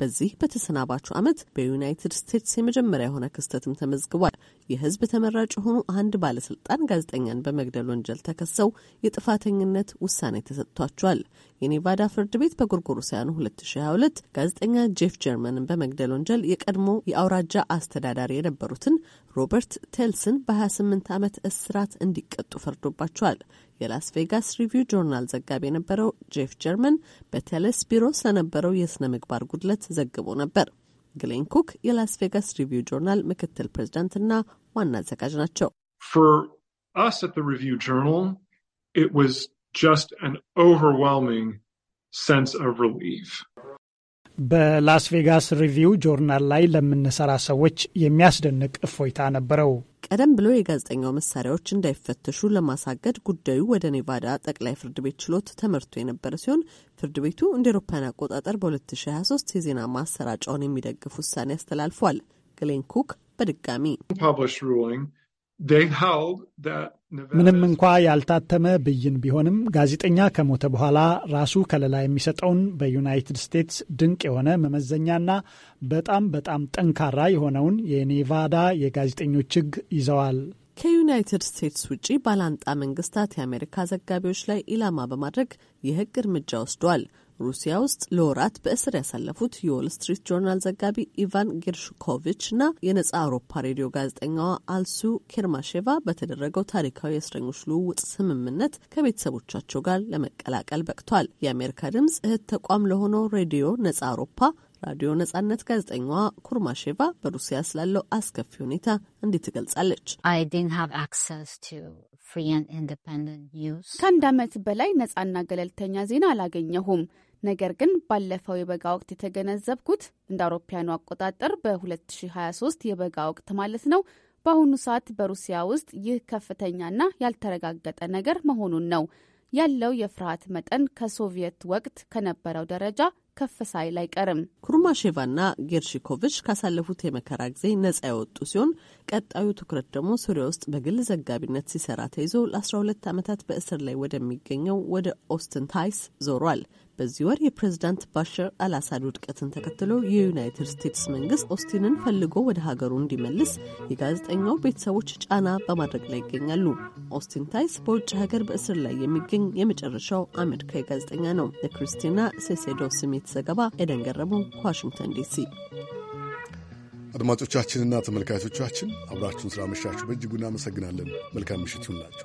በዚህ በተሰናባቹ ዓመት በዩናይትድ ስቴትስ የመጀመሪያ የሆነ ክስተትም ተመዝግቧል። የህዝብ ተመራጭ የሆኑ አንድ ባለስልጣን ጋዜጠኛን በመግደል ወንጀል ተከሰው የጥፋተኝነት ውሳኔ ተሰጥቷቸዋል። የኔቫዳ ፍርድ ቤት በጎርጎሮሳውያኑ 2022 ጋዜጠኛ ጄፍ ጀርመንን በመግደል ወንጀል የቀድሞ የአውራጃ አስተዳዳሪ የነበሩትን ሮበርት ቴልስን በ28 ዓመት እስራት እንዲቀጡ ፈርዶባቸዋል። የላስ ቬጋስ ሪቪው ጆርናል ዘጋቢ የነበረው ጄፍ ጀርመን በቴለስ ቢሮ ስለነበረው የሥነ ምግባር ጉድለት ዘግቦ ነበር። ግሌን ኩክ የላስ ቬጋስ ሪቪው ጆርናል ምክትል ፕሬዚዳንትና ዋና አዘጋጅ ናቸው። For us at the Review Journal, it was just an overwhelming sense of relief. በላስ ቬጋስ ሪቪው ጆርናል ላይ ለምንሰራ ሰዎች የሚያስደንቅ እፎይታ ነበረው። ቀደም ብሎ የጋዜጠኛው መሳሪያዎች እንዳይፈተሹ ለማሳገድ ጉዳዩ ወደ ኔቫዳ ጠቅላይ ፍርድ ቤት ችሎት ተመርቶ የነበረ ሲሆን ፍርድ ቤቱ እንደ ኤሮፓውያን አቆጣጠር በ2023 የዜና ማሰራጫውን የሚደግፍ ውሳኔ አስተላልፏል። ግሌን ኩክ በድጋሚ ምንም እንኳ ያልታተመ ብይን ቢሆንም ጋዜጠኛ ከሞተ በኋላ ራሱ ከለላ የሚሰጠውን በዩናይትድ ስቴትስ ድንቅ የሆነ መመዘኛና በጣም በጣም ጠንካራ የሆነውን የኔቫዳ የጋዜጠኞች ሕግ ይዘዋል። ከዩናይትድ ስቴትስ ውጪ ባላንጣ መንግስታት የአሜሪካ ዘጋቢዎች ላይ ኢላማ በማድረግ የህግ እርምጃ ወስዷል። ሩሲያ ውስጥ ለወራት በእስር ያሳለፉት የዎል ስትሪት ጆርናል ዘጋቢ ኢቫን ጌርሽኮቪች እና የነጻ አውሮፓ ሬዲዮ ጋዜጠኛዋ አልሱ ኬርማሼቫ በተደረገው ታሪካዊ የእስረኞች ልውውጥ ስምምነት ከቤተሰቦቻቸው ጋር ለመቀላቀል በቅቷል። የአሜሪካ ድምጽ እህት ተቋም ለሆነው ሬዲዮ ነጻ አውሮፓ ራዲዮ ነጻነት ጋዜጠኛዋ ኩርማሼቫ በሩሲያ ስላለው አስከፊ ሁኔታ እንዲህ ትገልጻለች። ከአንድ ዓመት በላይ ነጻና ገለልተኛ ዜና አላገኘሁም። ነገር ግን ባለፈው የበጋ ወቅት የተገነዘብኩት እንደ አውሮፓያኑ አቆጣጠር በ2023 የበጋ ወቅት ማለት ነው በአሁኑ ሰዓት በሩሲያ ውስጥ ይህ ከፍተኛና ያልተረጋገጠ ነገር መሆኑን ነው። ያለው የፍርሃት መጠን ከሶቪየት ወቅት ከነበረው ደረጃ ከፍ ሳይል አይቀርም። ኩርማሼቫና ጌርሺኮቪች ካሳለፉት የመከራ ጊዜ ነጻ የወጡ ሲሆን ቀጣዩ ትኩረት ደግሞ ሱሪያ ውስጥ በግል ዘጋቢነት ሲሰራ ተይዞ ለ12 ዓመታት በእስር ላይ ወደሚገኘው ወደ ኦስትን ታይስ ዞሯል። በዚህ ወር የፕሬዝዳንት ባሻር አልአሳድ ውድቀትን ተከትሎ የዩናይትድ ስቴትስ መንግስት ኦስቲንን ፈልጎ ወደ ሀገሩ እንዲመልስ የጋዜጠኛው ቤተሰቦች ጫና በማድረግ ላይ ይገኛሉ። ኦስቲን ታይስ በውጭ ሀገር በእስር ላይ የሚገኝ የመጨረሻው አሜሪካዊ ጋዜጠኛ ነው። የክሪስቲና ሴሴዶ ስሜት ዘገባ ኤደን ገረሙ ከዋሽንግተን ዲሲ። አድማጮቻችንና ተመልካቾቻችን አብራችሁን ስላመሻችሁ በእጅጉ እናመሰግናለን። መልካም ምሽት ይሁንላችሁ።